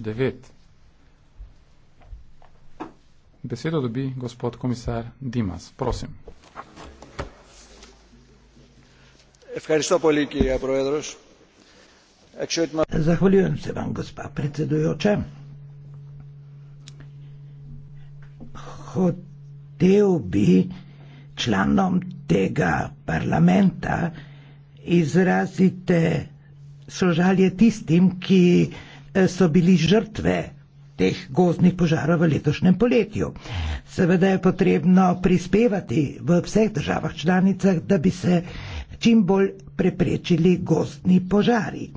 9. Besedo dobi gospod komisar Dimas. Prosim. Zahvaljujem se vam, gospa predsedujoča. Hotev bi članom tega parlamenta izrazite sožalje tistim, ki Eh, so bili žrtve teh gozdnih požarov v letošnjem poletju. Seveda je potrebno prispevati v vseh državah članicah, da bi se čim bolj preprečili gostni požari.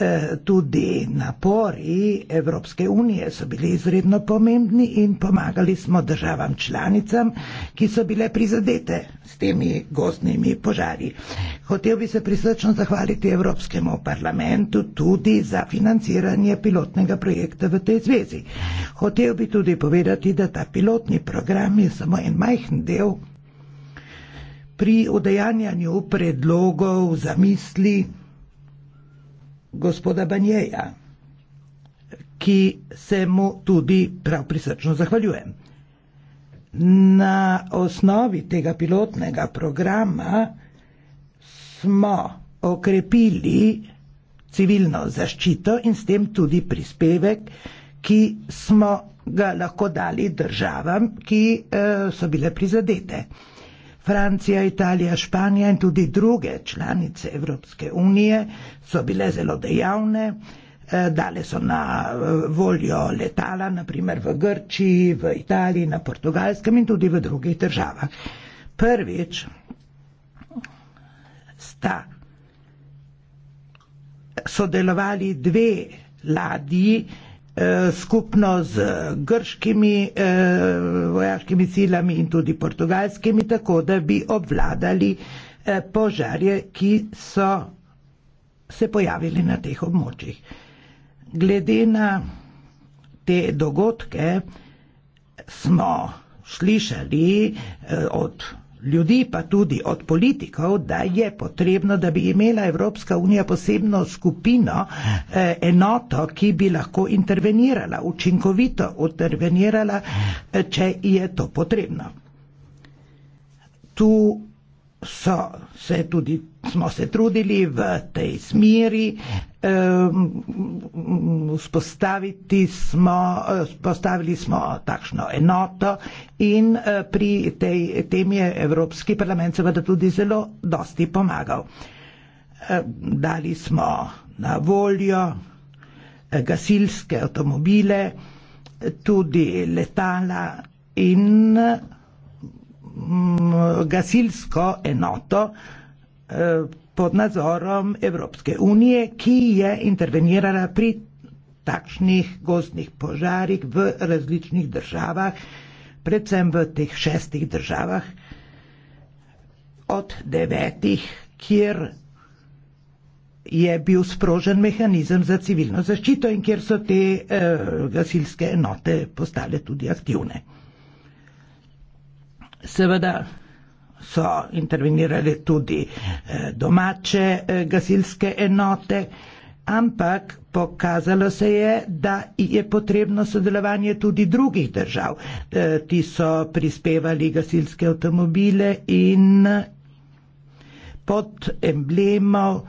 E, tudi napori Evropske unije so bili izredno pomembni in pomagali smo državam članicam, ki so bile prizadete s temi gostnimi požari. Hotel bi se prisrčno zahvaliti Evropskemu parlamentu tudi za financiranje pilotnega projekta v tej zvezi. Hotel bi tudi povedati, da ta pilotni program je samo en majhen del pri odejanju predlogov, zamisli gospoda Banjeja, ki se mu tudi prav prisrčno zahvaljujem. Na osnovi tega pilotnega programa smo okrepili civilno zaščito in s tem tudi prispevek, ki smo ga lahko dali državam, ki eh, so bile prizadete. Francija, Italija, Španija in tudi druge članice Evropske unije so bile zelo dejavne, eh, dale so na eh, voljo letala, naprimer v Grčiji, v Italiji, na Portugalskem in tudi v drugih državah. Prvič sta sodelovali dve ladji, Eh, skupno z grškimi eh, vojaškimi silami in tudi portugalskimi, tako da bi obvladali eh, požarje, ki so se pojavili na teh območjih. Glede na te dogodke smo slišali od ljudi, pa tudi od politikov, da je potrebno, da bi imela Evropska unija posebno skupino, eh, enoto, ki bi lahko intervenirala, učinkovito intervenirala, eh, če je to potrebno. Tu so se tudi, smo se trudili v tej smeri, Vzpostaviti smo, vzpostavili smo takšno enoto in eh, pri tej temi je Evropski parlament seveda tudi zelo dosti pomagal. Dali smo na voljo eh, gasilske avtomobile, tudi letala in mm, gasilsko enoto eh, pod nadzorom Evropske unije, ki je intervenirala pri takšnih gozdnih požarih v različnih državah, predvsem v teh šestih državah od devetih, kjer je bil sprožen mehanizem za civilno zaščito in kjer so te eh, gasilske enote postale tudi aktivne. Seveda, so intervenirale tudi eh, domače eh, gasilske enote, ampak pokazalo se je, da je potrebno sodelovanje tudi drugih držav. Eh, ti so prispevali gasilske avtomobile in pod emblemo,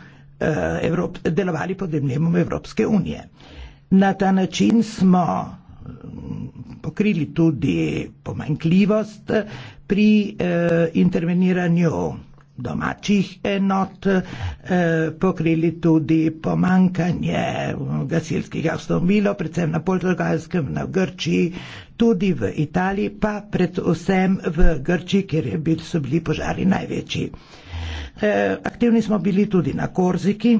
delovali pod emblemom Evropske unije. Na ta način smo pokrili tudi pomankljivost pri eh, interveniranju domačih enot, eh, pokrili tudi pomankanje gasilskih avtomobilov, predvsem na Portugalskem, na Grčiji, tudi v Italiji, pa predvsem v Grčiji, kjer bil, so bili požari največji. Eh, aktivni smo bili tudi na Korziki,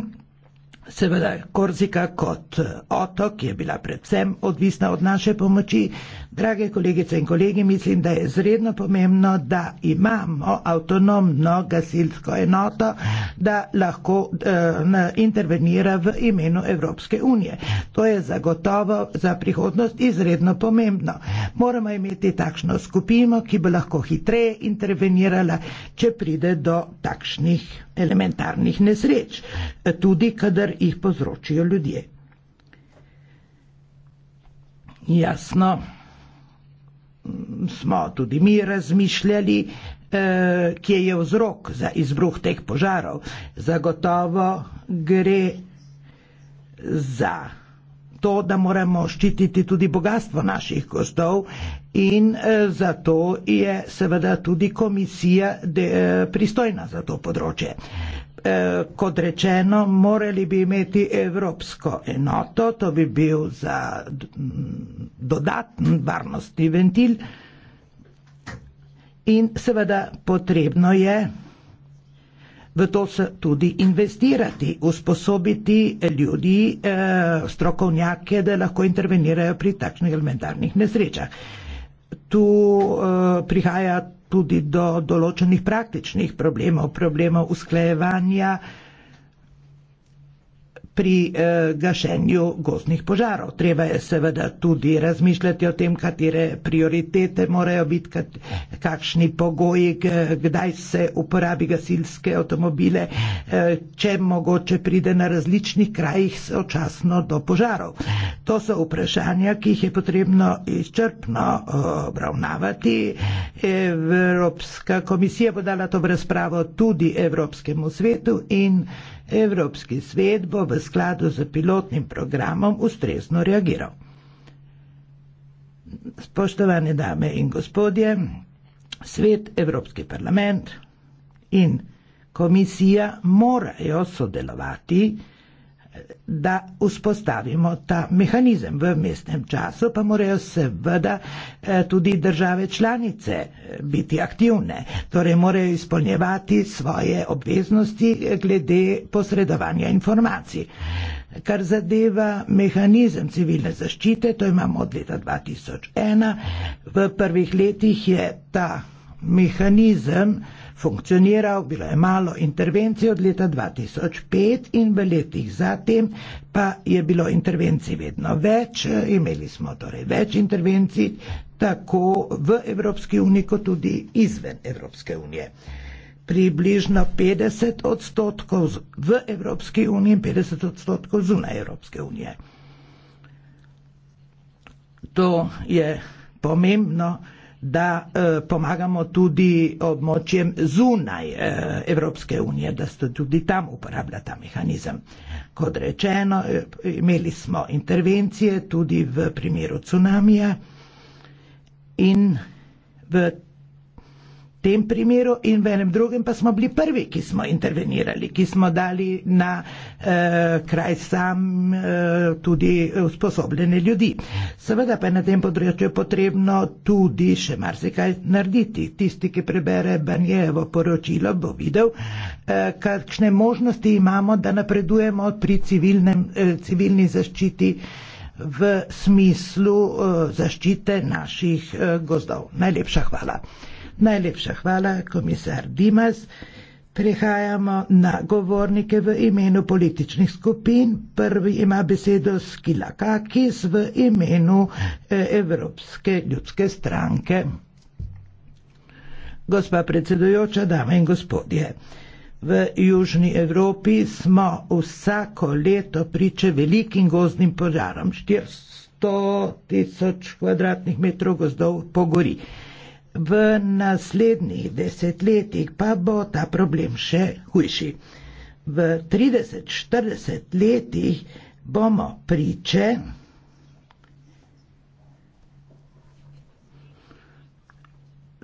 Seveda, Korsika kot eh, otok je bila predvsem odvisna od naše pomoči. Drage kolegice in kolegi, mislim, da je izredno pomembno, da imamo avtonomno gasilsko enoto, da lahko eh, intervenira v imenu Evropske unije. To je zagotovo za prihodnost izredno pomembno. Moramo imeti takšno skupino, ki bo lahko hitreje intervenirala, če pride do takšnih elementarnih nesreč. Tudi, kadar jih povzročijo ljudje. Jasno, smo tudi mi razmišljali, eh, kje je vzrok za izbruh teh požarov. Zagotovo gre za to, da moramo ščititi tudi bogatstvo naših gozdov in eh, zato je seveda tudi komisija eh, pristojna za to področje. Eh, kot rečeno, morali bi imeti evropsko enoto, to bi bil za dodatni varnostni ventil. In seveda potrebno je v to se tudi investirati, usposobiti ljudi, eh, strokovnjake, da lahko intervenirajo pri takšnih elementarnih nesrečah. Tu eh, prihaja tudi do določenih praktičnih problemov, problemov usklajevanja pri eh, gašenju gozdnih požarov. Treba je seveda tudi razmišljati o tem, katere prioritete morajo biti, kat, kakšni pogoji, kdaj se uporabi gasilske avtomobile, eh, če mogoče pride na različnih krajih sočasno do požarov. To so vprašanja, ki jih je potrebno izčrpno eh, obravnavati. Evropska komisija bo dala to razpravo tudi Evropskemu svetu in Evropski svet bo v skladu z pilotnim programom ustrezno reagiral. Spoštovane dame in gospodje, svet, Evropski parlament in komisija morajo sodelovati, da vzpostavimo ta mehanizem. V mestnem času pa morajo seveda eh, tudi države članice eh, biti aktivne, torej morajo izpolnjevati svoje obveznosti glede posredovanja informacij. Kar zadeva mehanizem civilne zaščite, to imamo od leta 2001, v prvih letih je ta mehanizem funkcioniral, bilo je malo intervencij od leta 2005 in v letih zatem pa je bilo intervencij vedno več, imeli smo torej več intervencij tako v Evropski uniji kot tudi izven Evropske unije. Približno 50 odstotkov v Evropski uniji in 50 odstotkov zunaj Evropske unije. To je pomembno, da eh, pomagamo tudi območjem zunaj eh, Evropske unije, da se tudi tam uporablja ta mehanizem. Kot rečeno, eh, imeli smo intervencije tudi v primeru cunamija in v tem primeru in v enem drugem pa smo bili prvi, ki smo intervenirali, ki smo dali na eh, kraj sam eh, tudi usposobljene ljudi. Seveda pa je na tem področju potrebno tudi še marsikaj narediti. Tisti, ki prebere Banjevo poročilo, bo videl, eh, kakšne možnosti imamo, da napredujemo pri civilnem, eh, civilni zaščiti v smislu eh, zaščite naših eh, gozdov. Najlepša hvala. Najlepša hvala, komisar Dimas. Prehajamo na govornike v imenu političnih skupin. Prvi ima besedo Skila Kakis v imenu eh, Evropske ljudske stranke. Gospa predsedujoča, dame in gospodje, v Južni Evropi smo vsako leto priče velikim gozdnim požarom. 400 tisoč kvadratnih metrov gozdov pogori. gori. V naslednjih desetletjih pa bo ta problem še hujši. V 30-40 letih bomo priče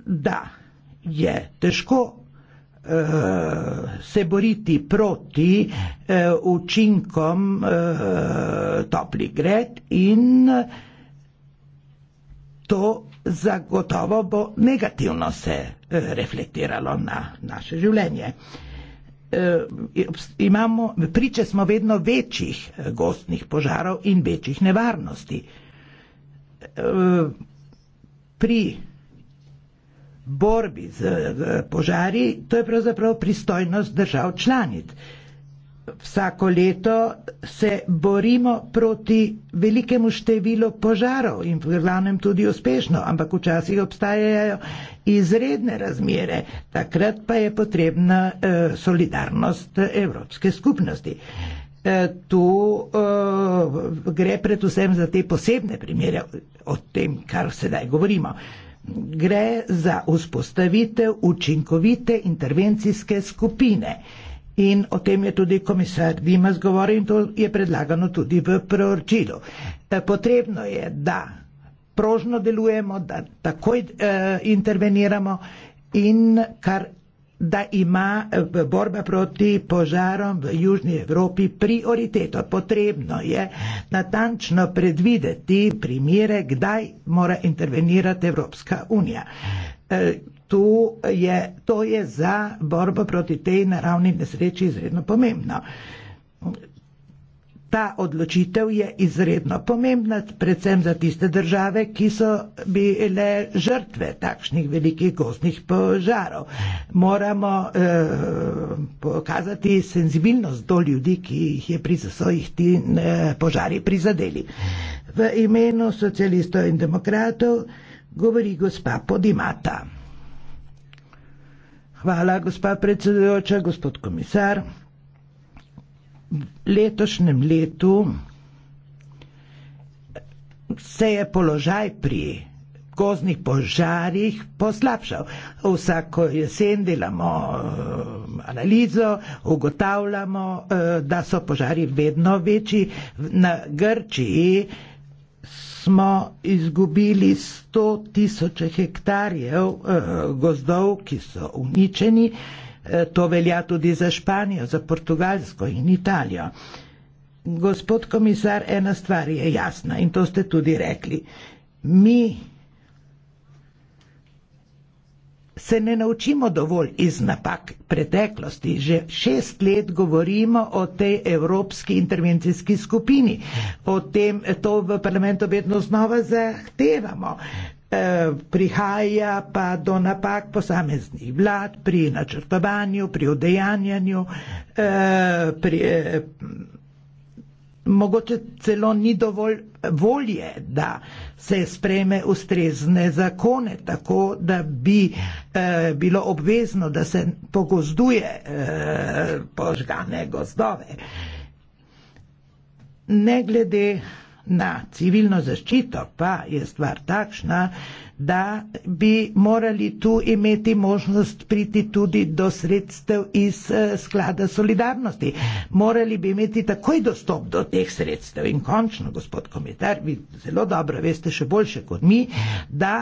da je težko uh, se boriti proti uh, učinkom uh, eh, topli gred in to zagotovo bo negativno se eh, reflektiralo na naše življenje. Eh, imamo, priče smo vedno večjih eh, gostnih požarov in večjih nevarnosti. Pri borbi z požari to je pravzaprav pristojnost držav članic vsako leto se borimo proti velikemu številu požarov in v glavnem tudi uspešno, ampak včasih obstajajo izredne razmere. Takrat pa je potrebna eh, solidarnost Evropske skupnosti. Eh, tu uh, gre predvsem za te posebne primere, o tem, kar sedaj govorimo. Gre za vzpostavitev učinkovite intervencijske skupine. Uh, In o tem je tudi komisar Dimas govoril in to je predlagano tudi v proročilu. Potrebno je, da prožno delujemo, da takoj eh, interveniramo in kar, da ima eh, borba proti požarom v Južni Evropi prioriteto. Potrebno je natančno predvideti primere, kdaj mora intervenirati Evropska unija. Eh, tu je, to je za borbo proti tej naravni nesreči izredno pomembno. Ta odločitev je izredno pomembna, predvsem za tiste države, ki so bile žrtve takšnih velikih gozdnih požarov. Moramo eh, pokazati senzibilnost do ljudi, ki jih je pri svojih ti eh, požari prizadeli. V imenu socialistov in demokratov govori gospa Podimata. Hvala, gospa predsedujoča, gospod komisar. V letošnjem letu se je položaj pri gozdnih požarih poslabšal. Vsako jesen delamo eh, analizo, ugotavljamo, eh, da so požari vedno večji. Na Grčiji smo izgubili 100 tisoč hektarjev eh, gozdov, ki so uničeni. Eh, to velja tudi za Španijo, za Portugalsko in Italijo. Gospod komisar, ena stvar je jasna in to ste tudi rekli. Mi se ne naučimo dovolj iz napak preteklosti. Že šest let govorimo o tej Evropski intervencijski skupini. O tem to v parlamentu vedno znova zahtevamo. E, prihaja pa do napak posameznih vlad pri načrtovanju, pri odejanjanju, e, pri e, mogoče celo ni dovolj eh, volje, da se spreme ustrezne zakone, tako da bi eh, bilo obvezno, da se pogozduje eh, požgane gozdove. Ne glede na civilno zaščito pa je stvar takšna, da bi morali tu imeti možnost priti tudi do sredstev iz eh, sklada solidarnosti. Morali bi imeti takoj dostop do teh sredstev. In končno, gospod komentar, vi zelo dobro veste, še boljše kot mi, da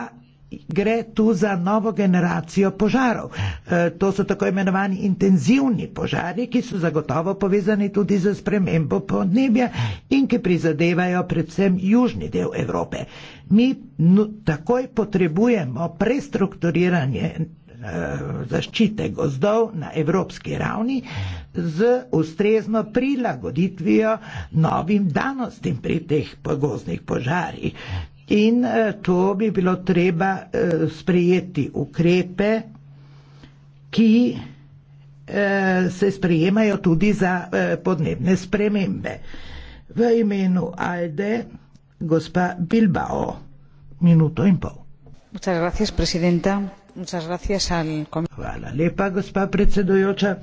gre tu za novo generacijo požarov. E, to so tako imenovani intenzivni požari, ki so zagotovo povezani tudi z spremembo podnebja in ki prizadevajo predvsem južni del Evrope. Mi takoj potrebujemo prestrukturiranje e, zaščite gozdov na evropski ravni z ustrezno prilagoditvijo novim danostim pri teh pogoznih požarih. In eh, to bi bilo treba eh, sprejeti ukrepe, ki eh, se sprejemajo tudi za podnebne spremembe. V imenu Alde, gospa Bilbao, minuto in pol. Gracias, gracias al... Hvala lepa, gospa predsedujoča.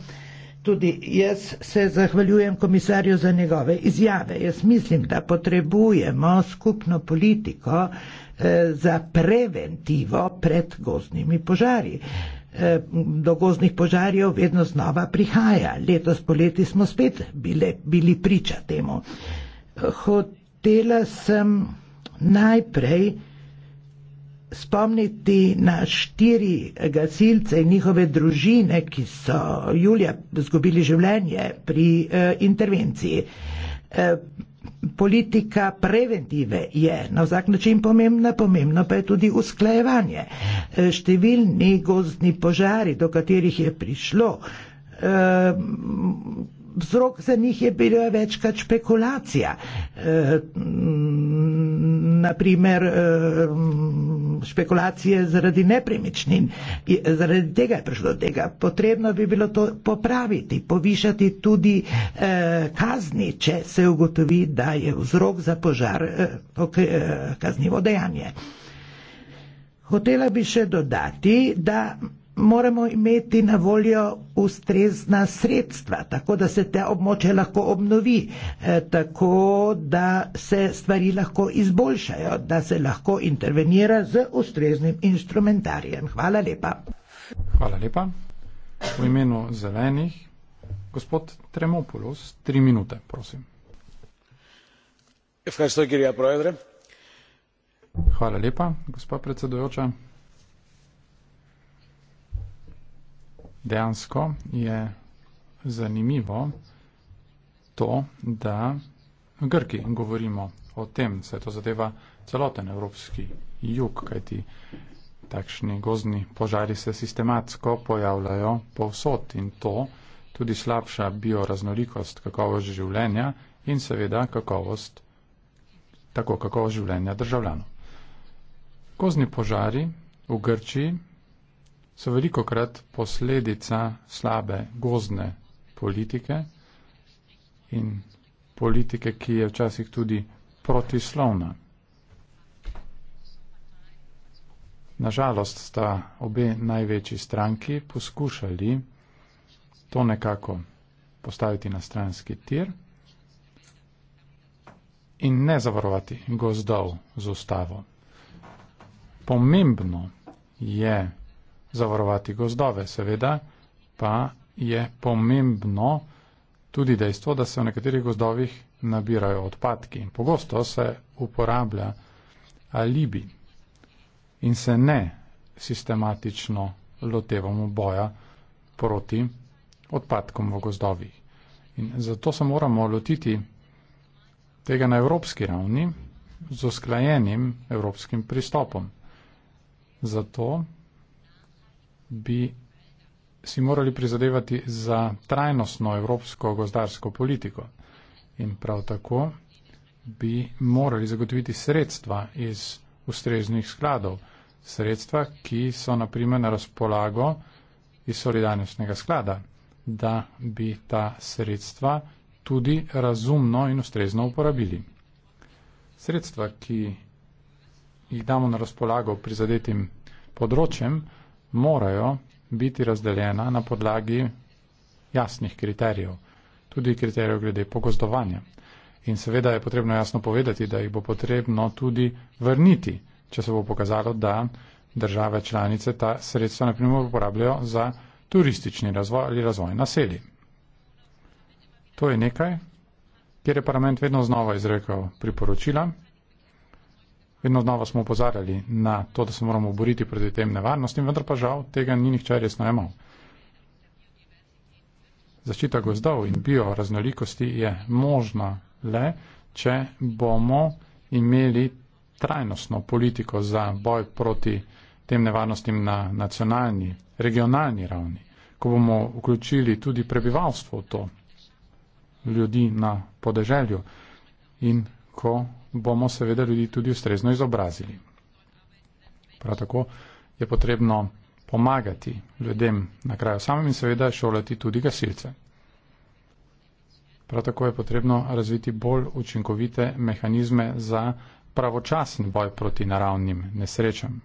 Tudi jaz se zahvaljujem komisarju za njegove izjave. Jaz mislim, da potrebujemo skupno politiko eh, za preventivo pred gozdnimi požari. Eh, do gozdnih požarjev vedno znova prihaja. Letos poleti smo spet bile, bili priča temu. Hotela sem najprej spomniti na štiri gasilce in njihove družine, ki so julija izgubili življenje pri eh, intervenciji. Eh, Politika preventive je na vsak način pomembna, pomembno pa je tudi usklajevanje. Eh, številni gozdni požari, do katerih je prišlo, eh, vzrok za njih je bila večkrat špekulacija. Eh, Naprimer, špekulacije zaradi nepremičnin. Zaradi tega je prišlo do tega. Potrebno bi bilo to popraviti, povišati tudi eh, kazni, če se ugotovi, da je vzrok za požar eh, ok, eh, kaznivo dejanje. Hotela bi še dodati, da moramo imeti na voljo ustrezna sredstva, tako da se te območje lahko obnovi, eh, tako da se stvari lahko izboljšajo, da se lahko intervenira z ustreznim instrumentarjem. Hvala lepa. Hvala lepa. V imenu zelenih, gospod Tremopulos, tri minute, prosim. Hvala lepa, gospod predsedujoča. dejansko je zanimivo to, da Grki govorimo o tem, se to zadeva celoten evropski jug, kajti takšni gozni požari se sistematsko pojavljajo povsod in to tudi slabša bioraznolikost, kakovost življenja in seveda kakovost, tako kakovost življenja državljanov. Gozni požari v Grčiji so veliko krat posledica slabe gozdne politike in politike, ki je včasih tudi protislovna. Nažalost sta obe največji stranki poskušali to nekako postaviti na stranski tir in ne zavarovati gozdov z ustavo. Pomembno je, zavarovati gozdove. Seveda pa je pomembno tudi dejstvo, da se v nekaterih gozdovih nabirajo odpadki. Pogosto se uporablja alibi in se ne sistematično lotevamo boja proti odpadkom v gozdovih. In zato se moramo lotiti tega na evropski ravni z usklajenim evropskim pristopom. Zato bi si morali prizadevati za trajnostno evropsko gozdarsko politiko in prav tako bi morali zagotoviti sredstva iz ustreznih skladov, sredstva, ki so naprimer na razpolago iz solidarnostnega sklada, da bi ta sredstva tudi razumno in ustrezno uporabili. Sredstva, ki jih damo na razpolago prizadetim področjem, morajo biti razdeljena na podlagi jasnih kriterijev, tudi kriterijev glede pogozdovanja. In seveda je potrebno jasno povedati, da jih bo potrebno tudi vrniti, če se bo pokazalo, da države članice ta sredstva naprimer uporabljajo za turistični razvoj ali razvoj naselij. To je nekaj, kjer je parlament vedno znova izrekel priporočila. Vedno znova smo opozarjali na to, da se moramo boriti proti tem nevarnostim, vendar pa žal tega ni nihče resno imel. Zaščita gozdov in bioraznolikosti je možna le, če bomo imeli trajnostno politiko za boj proti tem nevarnostim na nacionalni, regionalni ravni, ko bomo vključili tudi prebivalstvo v to, ljudi na podeželju in ko bomo seveda ljudi tudi ustrezno izobrazili. Prav tako je potrebno pomagati ljudem na kraju samem in seveda šolati tudi gasilce. Prav tako je potrebno razviti bolj učinkovite mehanizme za pravočasen boj proti naravnim nesrečam.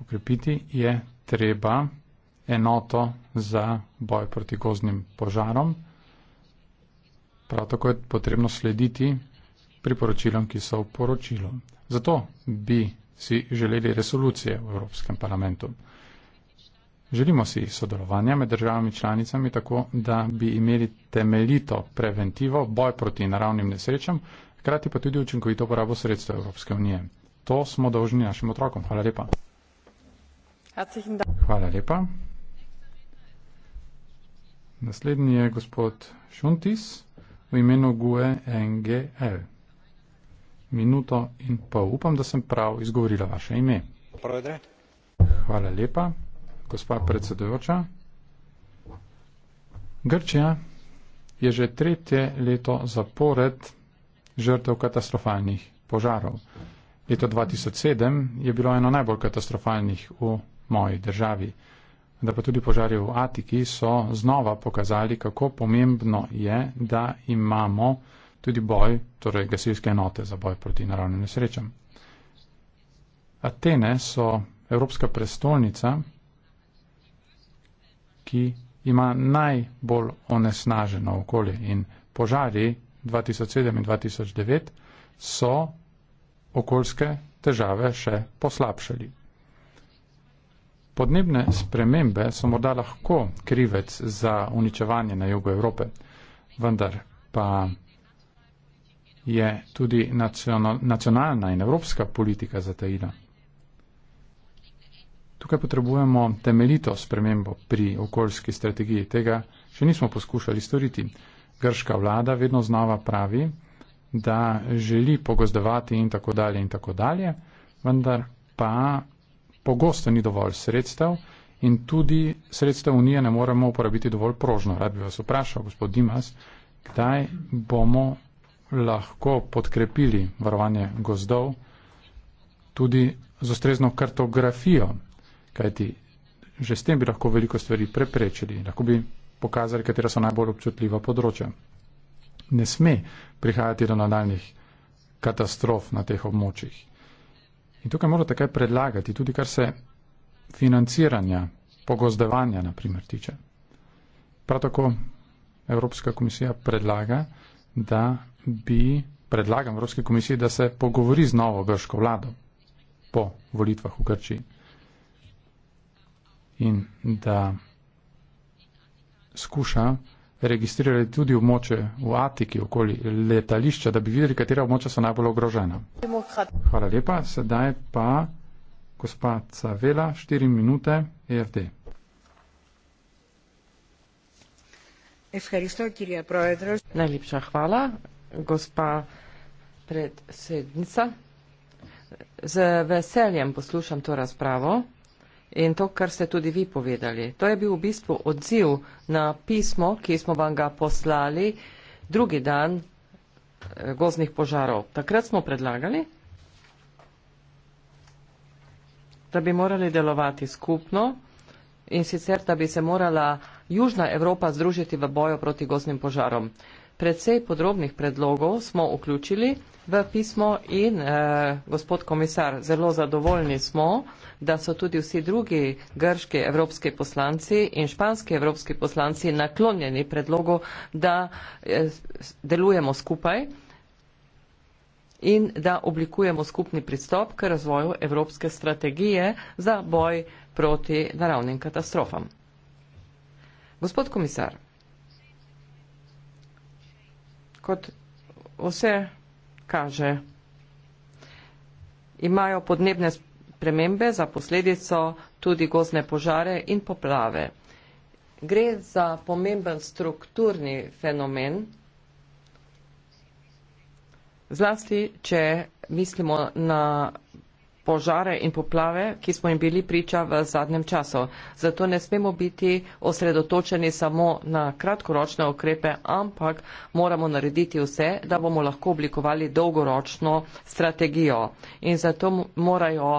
Okrepiti je treba enoto za boj proti gozdnim požarom. Prav tako je potrebno slediti priporočilom, ki so v poročilu. Zato bi si želeli resolucije v Evropskem parlamentu. Želimo si sodelovanja med državami članicami tako, da bi imeli temeljito preventivo, boj proti naravnim nesrečam, hkrati pa tudi učinkovito porabo sredstev Evropske unije. To smo dolžni našim otrokom. Hvala lepa. Hvala lepa. Naslednji je gospod Šuntis v imenu GUE NGL minuto in pol. Upam, da sem prav izgovorila vaše ime. Provedre. Hvala lepa, gospa predsedujoča. Grčija je že tretje leto zapored žrtev katastrofalnih požarov. Leto 2007 je bilo eno najbolj katastrofalnih v moji državi. Da pa tudi požari v Atiki so znova pokazali, kako pomembno je, da imamo tudi boj, torej gasilske enote za boj proti naravnim nesrečam. Atene so evropska prestolnica, ki ima najbolj onesnaženo okolje in požari 2007 in 2009 so okoljske težave še poslabšali. Podnebne spremembe so morda lahko krivec za uničevanje na jugu Evrope, vendar pa je tudi nacionalna in evropska politika zatajila. Tukaj potrebujemo temeljito spremembo pri okoljski strategiji. Tega še nismo poskušali storiti. Grška vlada vedno znova pravi, da želi pogozdovati in tako dalje in tako dalje, vendar pa pogosto ni dovolj sredstev in tudi sredstev Unije ne moremo uporabiti dovolj prožno. Rad bi vas vprašal, gospod Dimas, kdaj bomo lahko podkrepili varovanje gozdov tudi z ustrezno kartografijo, kajti že s tem bi lahko veliko stvari preprečili, lahko bi pokazali, katera so najbolj občutljiva področja. Ne sme prihajati do nadaljnih katastrof na teh območjih. In tukaj morate kaj predlagati, tudi kar se financiranja, pogozdevanja naprimer tiče. Prav tako Evropska komisija predlaga, da bi predlagam Evropski komisiji, da se pogovori z novo grško vlado po volitvah v Grčiji in da skuša registrirali tudi območje v Atiki okoli letališča, da bi videli, katera območja so najbolj ogrožena. Hvala lepa, sedaj pa gospa Cavela, 4 minute, EFD. Najlepša hvala gospa predsednica. Z veseljem poslušam to razpravo in to, kar ste tudi vi povedali. To je bil v bistvu odziv na pismo, ki smo vam ga poslali drugi dan eh, gozdnih požarov. Takrat smo predlagali, da bi morali delovati skupno in sicer, da bi se morala Južna Evropa združiti v boju proti gozdnim požarom precej podrobnih predlogov smo vključili v pismo in eh, gospod komisar, zelo zadovoljni smo, da so tudi vsi drugi grški evropski poslanci in španski evropski poslanci naklonjeni predlogu, da eh, delujemo skupaj in da oblikujemo skupni pristop k razvoju evropske strategije za boj proti naravnim katastrofam. Gospod komisar, kot vse kaže, imajo podnebne spremembe za posledico tudi gozne požare in poplave. Gre za pomemben strukturni fenomen, zlasti, če mislimo na požare in poplave, ki smo jim bili priča v zadnjem času. Zato ne smemo biti osredotočeni samo na kratkoročne okrepe, ampak moramo narediti vse, da bomo lahko oblikovali dolgoročno strategijo. In zato morajo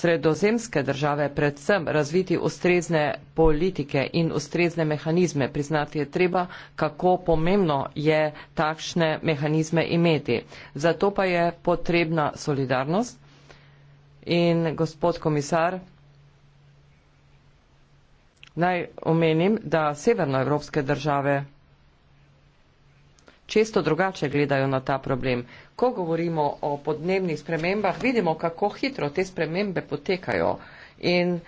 sredozemske države predvsem razviti ustrezne politike in ustrezne mehanizme. Priznati je treba, kako pomembno je takšne mehanizme imeti. Zato pa je potrebna solidarnost In gospod komisar, naj omenim, da severnoevropske države često drugače gledajo na ta problem. Ko govorimo o podnebnih spremembah, vidimo, kako hitro te spremembe potekajo. In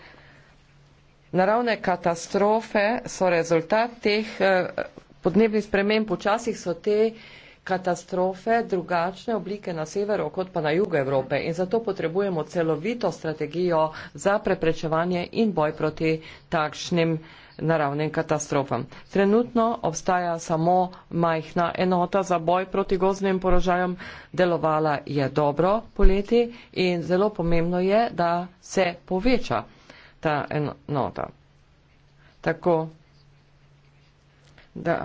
naravne katastrofe so rezultat teh eh, podnebnih sprememb. Včasih so te eh, katastrofe, drugačne oblike na severu kot pa na jugu Evrope in zato potrebujemo celovito strategijo za preprečevanje in boj proti takšnim naravnim katastrofam. Trenutno obstaja samo majhna enota za boj proti gozdnim porožajem, delovala je dobro poleti in zelo pomembno je, da se poveča ta enota. Tako, da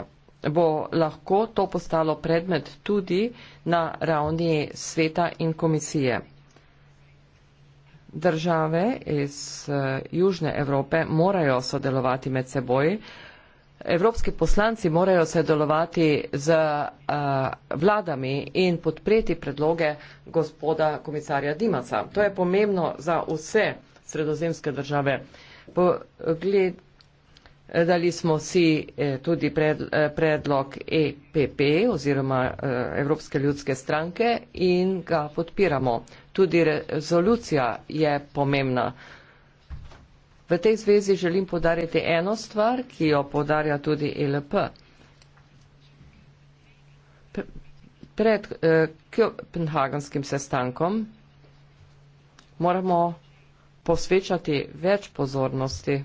bo lahko to postalo predmet tudi na ravni sveta in komisije. Države iz eh, Južne Evrope morajo sodelovati med seboj, evropski poslanci morajo sodelovati z uh, vladami in podpreti predloge gospoda komisarja Dimaca. To je pomembno za vse sredozemske države. Pogled, dali smo si eh, tudi eh, predlog EPP oziroma eh, Evropske ljudske stranke in ga podpiramo. Tudi rezolucija je pomembna. V tej zvezi želim podariti eno stvar, ki jo podarja tudi ELP. Pred Kopenhagenskim sestankom moramo posvečati več pozornosti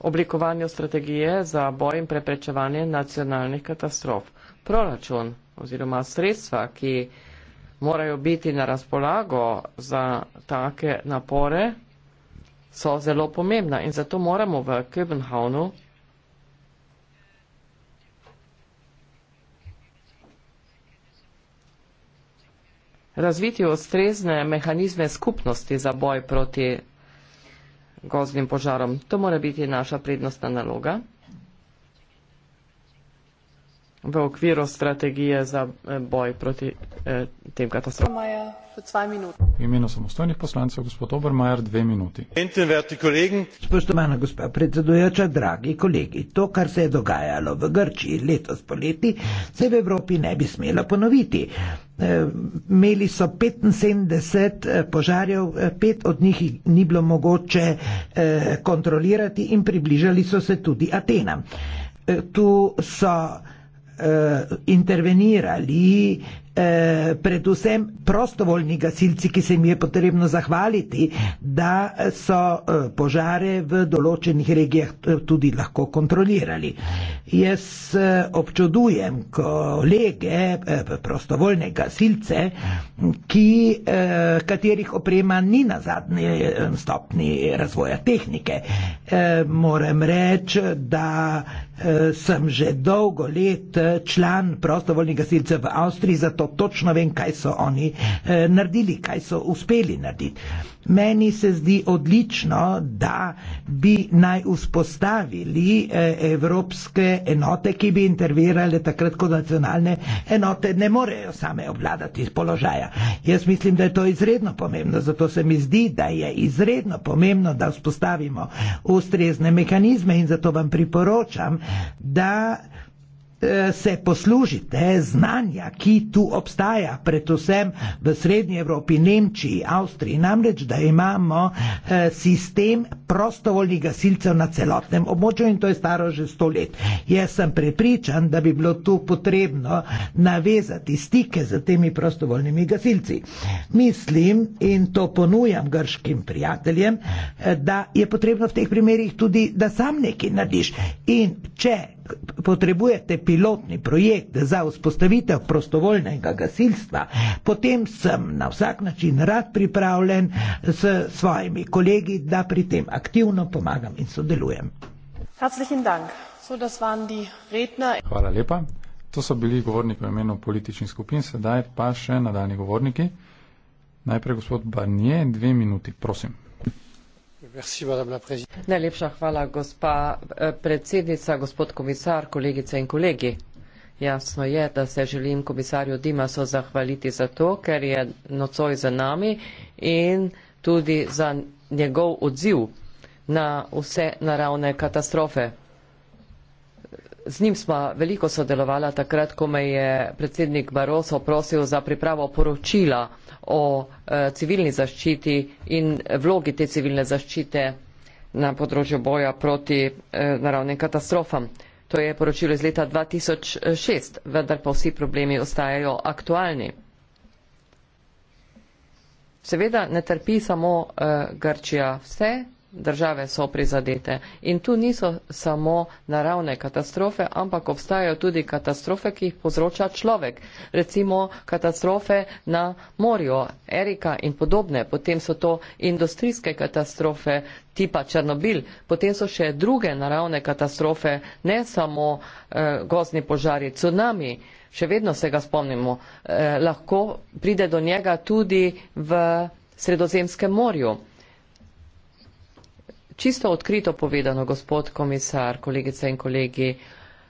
oblikovanju strategije za boj in preprečevanje nacionalnih katastrof. Proračun oziroma sredstva, ki morajo biti na razpolago za take napore, so zelo pomembna in zato moramo v Köbenhavnu razviti ustrezne mehanizme skupnosti za boj proti gozdnim požarom. To mora biti naša prednostna naloga v okviru strategije za eh, boj proti eh, tem katastrofam. Imenu samostojnih poslancev, gospod Obermajer, dve minuti. Spoštovana gospa predsedujoča, dragi kolegi, to, kar se je dogajalo v Grčiji letos poleti, se v Evropi ne bi smelo ponoviti. Eh, imeli so 75 eh, požarjev, eh, pet od njih ni bilo mogoče kontrolirati in približali so se tudi Atenam. Tu so intervenirali Eh, predvsem prostovoljni gasilci, ki se jim je potrebno zahvaliti, da so eh, požare v določenih regijah eh, tudi lahko kontrolirali. Jaz občudujem kolege, prostovoljne gasilce, ki, katerih oprema ni na zadnji stopni razvoja tehnike. Moram reči, da sem že dolgo let član prostovoljnih gasilcev v Avstriji, zato točno vem, kaj so oni eh, naredili, kaj so uspeli narediti. Meni se zdi odlično, da bi naj vzpostavili eh, evropske enote, ki bi intervirale takrat, ko nacionalne enote ne morejo same obvladati iz položaja. Jaz mislim, da je to izredno pomembno, zato se mi zdi, da je izredno pomembno, da vzpostavimo ustrezne mehanizme in zato vam priporočam, da Eh, se poslužite znanja, ki tu obstaja, predvsem v Srednji Evropi, Nemčiji, Avstriji, namreč, da imamo eh, sistem prostovoljnih gasilcev na celotnem območju in to je staro že sto let. Jaz sem prepričan, da bi bilo tu potrebno navezati stike z temi prostovoljnimi gasilci. Mislim in to ponujam grškim prijateljem, eh, da je potrebno v teh primerjih tudi, da sam nekaj narediš. In če potrebujete pilotni projekt za vzpostavitev prostovoljnega gasilstva, potem sem na vsak način rad pripravljen s svojimi kolegi, da pri tem aktivno pomagam in sodelujem. Hvala lepa. To so bili govorniki v imenu političnih skupin, sedaj pa še nadaljni govorniki. Najprej gospod Barnier, dve minuti, prosim. Najlepša hvala, gospa eh, predsednica, gospod komisar, kolegice in kolegi. Jasno je, da se želim komisarju Dimaso zahvaliti za to, ker je nocoj za nami in tudi za njegov odziv na vse naravne katastrofe. Z njim smo veliko sodelovala takrat, ko me je predsednik Baroso prosil za pripravo poročila o e, civilni zaščiti in vlogi te civilne zaščite na področju boja proti e, naravnim katastrofam. To je poročilo iz leta 2006, vendar pa vsi problemi ostajajo aktualni. Seveda ne trpi samo e, Grčija vse države so prizadete. In tu niso samo naravne katastrofe, ampak obstajajo tudi katastrofe, ki jih povzroča človek. Recimo katastrofe na morju, Erika in podobne. Potem so to industrijske katastrofe tipa Černobil. Potem so še druge naravne katastrofe, ne samo eh, gozni požari, tsunami. Še vedno se ga spomnimo. Eh, lahko pride do njega tudi v Sredozemskem morju čisto odkrito povedano, gospod komisar, kolegice in kolegi,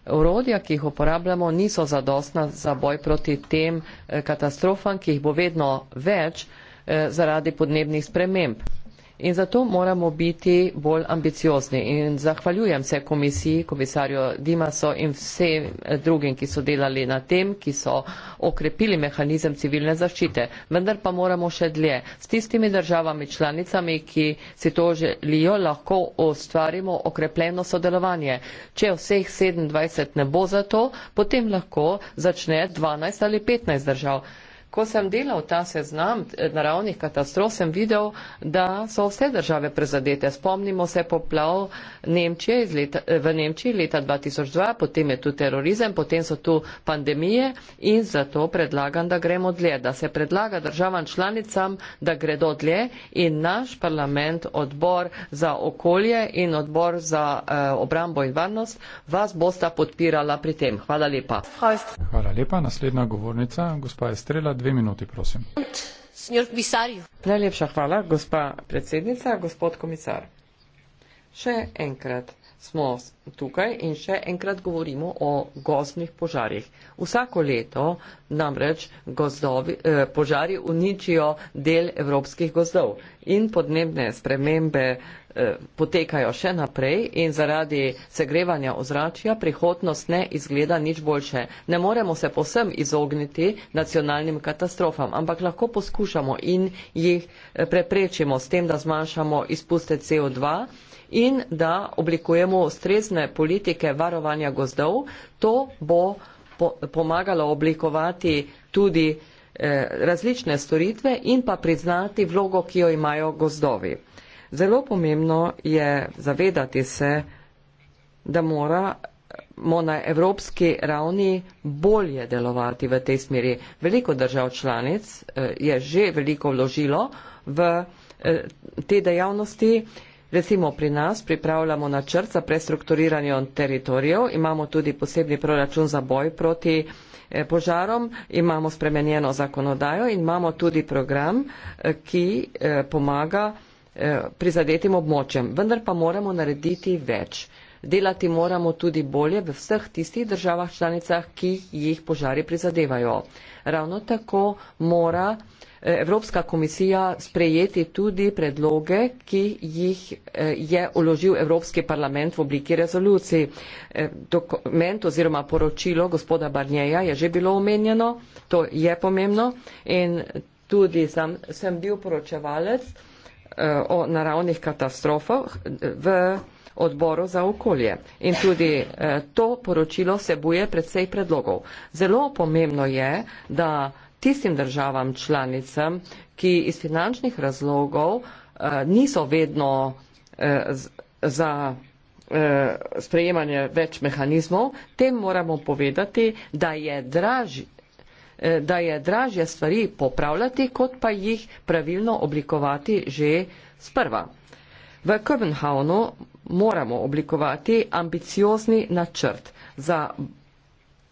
Orodja, ki jih uporabljamo, niso zadostna za boj proti tem eh, katastrofam, ki jih bo vedno več eh, zaradi podnebnih sprememb. In zato moramo biti bolj ambiciozni. In zahvaljujem se komisiji, komisarju Dimaso in vsem drugim, ki so delali na tem, ki so okrepili mehanizem civilne zaščite. Vendar pa moramo še dlje. S tistimi državami članicami, ki si to želijo, lahko ustvarimo okrepljeno sodelovanje. Če vseh 27 ne bo za to, potem lahko začne 12 ali 15 držav. Ko sem delal ta seznam eh, naravnih katastrof, sem videl, da so vse države prezadete. Spomnimo se poplav Nemčije leta, eh, v Nemčiji leta 2002, potem je tu terorizem, potem so tu pandemije in zato predlagam, da gremo dlje, da se predlaga državam članicam, da gredo dlje in naš parlament, odbor za okolje in odbor za uh, obrambo in varnost vas bosta podpirala pri tem. Hvala lepa. Hvala lepa. Naslednja govornica, gospa Estrela dve minuti, prosim. Najlepša hvala, gospa predsednica, gospod komisar. Še enkrat smo tukaj in še enkrat govorimo o gozdnih požarih. Vsako leto namreč gozdovi, eh, požari uničijo del evropskih gozdov in podnebne spremembe eh, potekajo še naprej in zaradi segrevanja ozračja prihodnost ne izgleda nič boljše. Ne moremo se posem izogniti nacionalnim katastrofam, ampak lahko poskušamo in jih eh, preprečimo s tem, da zmanjšamo izpuste CO2 in da oblikujemo ustrezne ustrezne politike varovanja gozdov, to bo pomagalo oblikovati tudi eh, različne storitve in pa priznati vlogo, ki jo imajo gozdovi. Zelo pomembno je zavedati se, da moramo na evropski ravni bolje delovati v tej smeri. Veliko držav članic eh, je že veliko vložilo v eh, te dejavnosti. Recimo pri nas pripravljamo načrt za prestrukturiranje teritorijev, imamo tudi posebni proračun za boj proti eh, požarom, imamo spremenjeno zakonodajo in imamo tudi program, eh, ki eh, pomaga prizadetim območjem. Vendar pa moramo narediti več. Delati moramo tudi bolje v vseh tistih državah članicah, ki jih požari prizadevajo. Ravno tako mora Eh, Evropska komisija sprejeti tudi predloge, ki jih eh, je uložil Evropski parlament v obliki rezoluciji. Eh, dokument oziroma poročilo gospoda Barnjeja je že bilo omenjeno, to je pomembno in tudi sam sem bil poročevalec o naravnih katastrofah v odboru za okolje. In tudi to poročilo sebuje predvsej predlogov. Zelo pomembno je, da tistim državam članicam, ki iz finančnih razlogov eh, niso vedno eh, za eh, sprejemanje več mehanizmov, tem moramo povedati, da je dražji eh, da je dražje stvari popravljati, kot pa jih pravilno oblikovati že sprva. V Kopenhavnu moramo oblikovati ambiciozni načrt za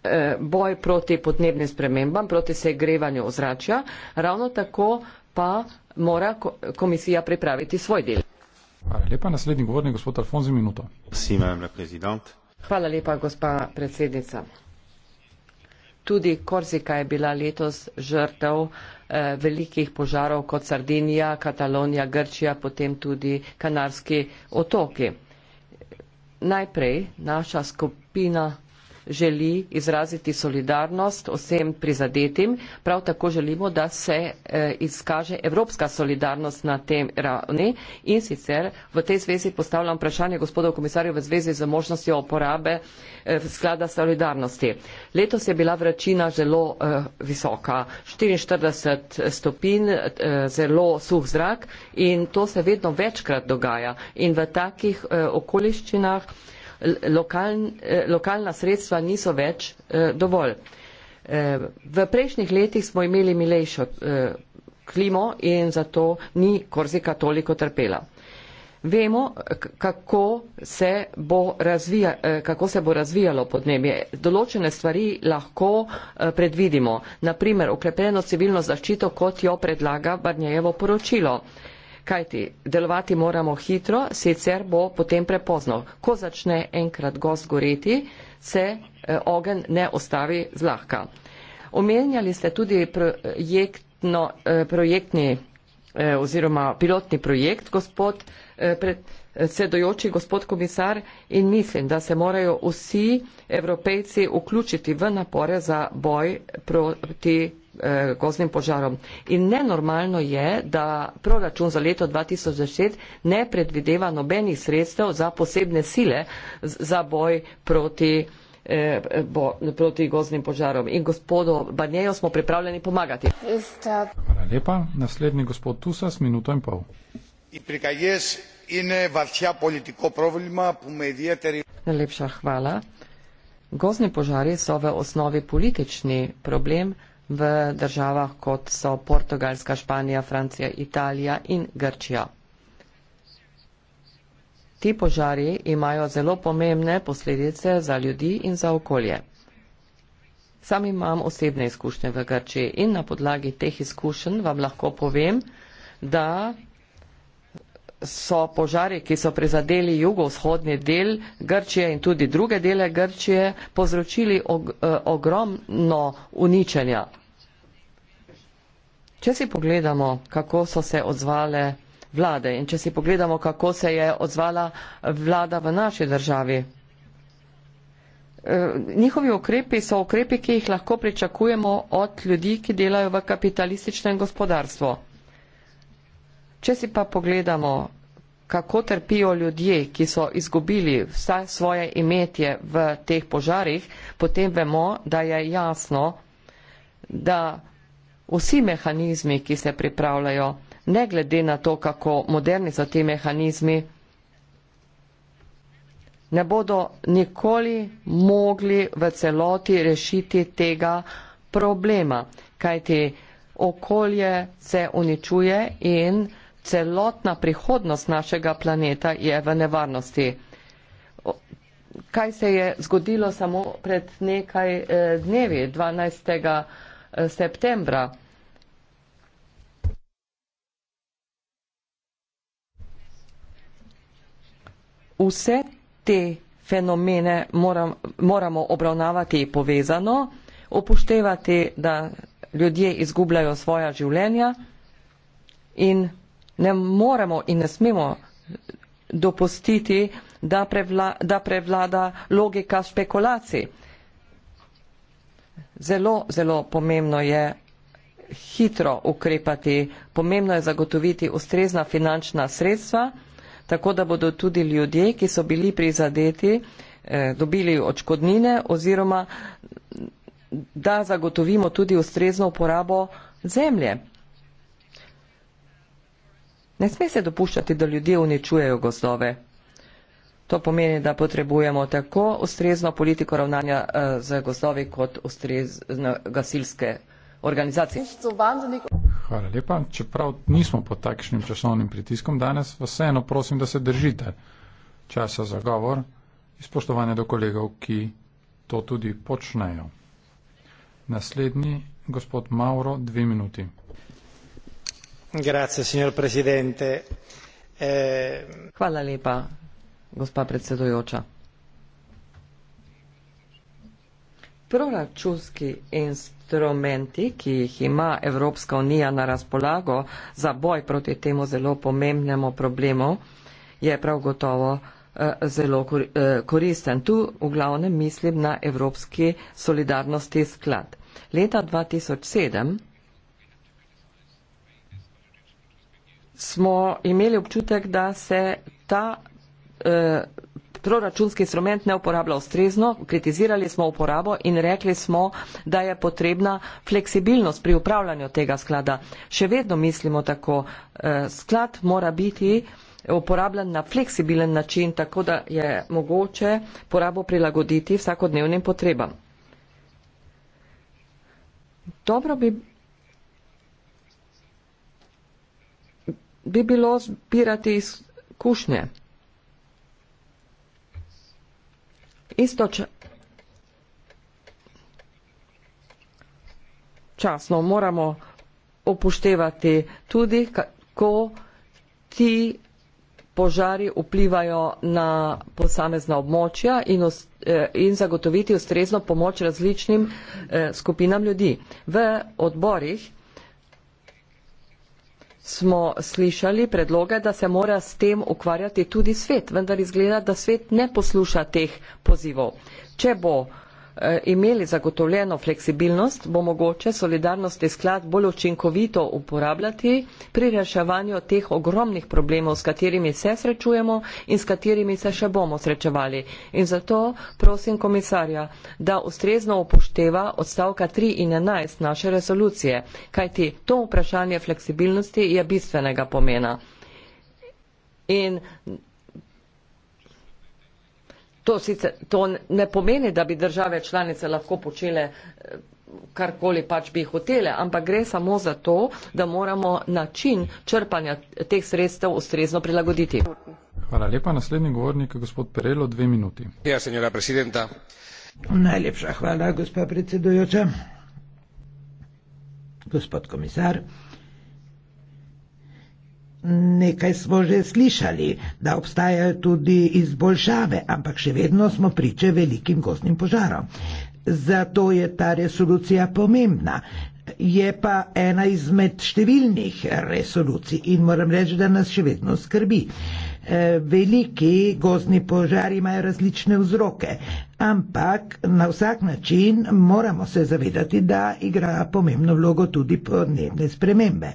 Eh, boj proti podnebnim spremembam, proti segrevanju ozračja, ravno tako pa mora komisija pripraviti svoj del. Hvala lepa, naslednji govornik, gospod Alfonzi, minuto. Hvala lepa, gospa predsednica. Tudi Korsika je bila letos žrtev eh, velikih požarov kot Sardinija, Katalonija, Grčija, potem tudi Kanarski otoki. Najprej naša skupina želi izraziti solidarnost vsem prizadetim, prav tako želimo, da se eh, izkaže evropska solidarnost na tem ravni in sicer v tej zvezi postavljam vprašanje gospodov komisarju v zvezi z možnostjo uporabe eh, sklada solidarnosti. Letos je bila vračina zelo eh, visoka, 44 stopin, zelo suh zrak in to se vedno večkrat dogaja in v takih okoliščinah lokaln, eh, lokalna sredstva niso več eh, dovolj. Eh, v prejšnjih letih smo imeli milejšo klimo in zato ni Korzika toliko trpela. Vemo, kako se, bo razvija, kako se bo razvijalo podnebje. Določene stvari lahko predvidimo. Naprimer, oklepljeno civilno zaščito, kot jo predlaga Barnjevo poročilo kajti delovati moramo hitro, sicer bo potem prepozno. Ko začne enkrat gost goreti, se eh, ogen ne ostavi zlahka. Omenjali ste tudi projektno, eh, projektni eh, oziroma pilotni projekt, gospod predsedojoči, gospod komisar, in mislim, da se morajo vsi evropejci vključiti v napore za boj proti Eh, gozdnim požarom. In nenormalno je, da proračun za leto 2006 ne predvideva nobenih sredstev za posebne sile za boj proti, eh, bo, proti gozdnim požarom. In gospodu Banjejo smo pripravljeni pomagati. Isto. Hvala lepa. Naslednji gospod Tusa s minuto in pol. In prikajes in varčja politiko problema, pomedijateri. Najlepša hvala. Gozdni požari so v osnovi politični problem, v državah, kot so Portugalska, Španija, Francija, Italija in Grčija. Ti požari imajo zelo pomembne posledice za ljudi in za okolje. Sam imam osebne izkušnje v Grčiji in na podlagi teh izkušenj vam lahko povem, da so požari, ki so prizadeli jugovzhodni del Grčije in tudi druge dele Grčije, povzročili og, eh, ogromno uničenja. Če si pogledamo, kako so se odzvale vlade in če si pogledamo, kako se je odzvala vlada v naši državi. Eh, njihovi ukrepi so ukrepi, ki jih lahko pričakujemo od ljudi, ki delajo v kapitalističnem gospodarstvu. Če si pa pogledamo, kako trpijo ljudje, ki so izgubili vsa svoje imetje v teh požarih, potem vemo, da je jasno, da vsi mehanizmi, ki se pripravljajo, ne glede na to, kako moderni so ti mehanizmi, ne bodo nikoli mogli v celoti rešiti tega problema, kajti okolje se uničuje in celotna prihodnost našega planeta je v nevarnosti. Kaj se je zgodilo samo pred nekaj eh, dnevi, 12. Eh, septembra? Vse te fenomene moram, moramo obravnavati povezano, upoštevati, da ljudje izgubljajo svoja življenja in ne moremo in ne smemo dopustiti, da, prevla, da prevlada logika špekulacij. Zelo, zelo pomembno je hitro ukrepati, pomembno je zagotoviti ustrezna finančna sredstva, tako da bodo tudi ljudje, ki so bili prizadeti, eh, dobili očkodnine oziroma da zagotovimo tudi ustrezno uporabo zemlje. Ne sme se dopuščati, da ljudje uničujejo gozdove. To pomeni, da potrebujemo tako ustrezno politiko ravnanja uh, eh, za gozdovi kot ustrezne gasilske organizacije. Hvala lepa. Čeprav nismo pod takšnim časovnim pritiskom danes, vseeno prosim, da se držite časa za govor in spoštovanje do kolegov, ki to tudi počnejo. Naslednji gospod Mauro, dve minuti signor presidente eh, gospa predsedujoča proračunski instrumenti ki jih ima evropska unija na razpolago za boj proti temu zelo pomembnemu problemu je prav gotovo eh, zelo eh, koristen. Tu v glavnem mislim na Evropski solidarnosti sklad. Leta 2007 smo imeli občutek, da se ta eh, proračunski instrument ne uporablja ustrezno, kritizirali smo uporabo in rekli smo, da je potrebna fleksibilnost pri upravljanju tega sklada. Še vedno mislimo tako, eh, sklad mora biti uporabljen na fleksibilen način, tako da je mogoče porabo prilagoditi vsakodnevnim potrebam. Dobro bi bi bilo zbirati izkušnje. Isto časno moramo upoštevati tudi, kako ti požari vplivajo na posamezna območja in, eh, in zagotoviti ustrezno pomoč različnim eh, skupinam ljudi. V odborih smo slišali predloge, da se mora s tem ukvarjati tudi svet, vendar izgleda, da svet ne posluša teh pozivov. Če bo Eh, imeli zagotovljeno fleksibilnost, bo mogoče solidarnostni sklad bolj učinkovito uporabljati pri reševanju teh ogromnih problemov, s katerimi se srečujemo in s katerimi se še bomo srečevali. In zato prosim komisarja, da ustrezno upošteva odstavka 3 in 11 naše resolucije, kajti to vprašanje fleksibilnosti je bistvenega pomena. In To, sicer, to ne pomeni, da bi države članice lahko počele eh, karkoli pač bi hotele, ampak gre samo za to, da moramo način črpanja teh sredstev ustrezno prilagoditi. Hvala lepa. Naslednji govornik je gospod Perelo, dve minuti. Ja, senjora predsednica. Najlepša hvala, gospa predsedujoča. Gospod komisar. Nekaj smo že slišali, da obstajajo tudi izboljšave, ampak še vedno smo priče velikim gostnim požarom. Zato je ta resolucija pomembna. Je pa ena izmed številnih resolucij in moram reči, da nas še vedno skrbi. Eh, veliki gozni požari imajo različne vzroke, ampak na vsak način moramo se zavedati, da igra pomembno vlogo tudi podnebne spremembe.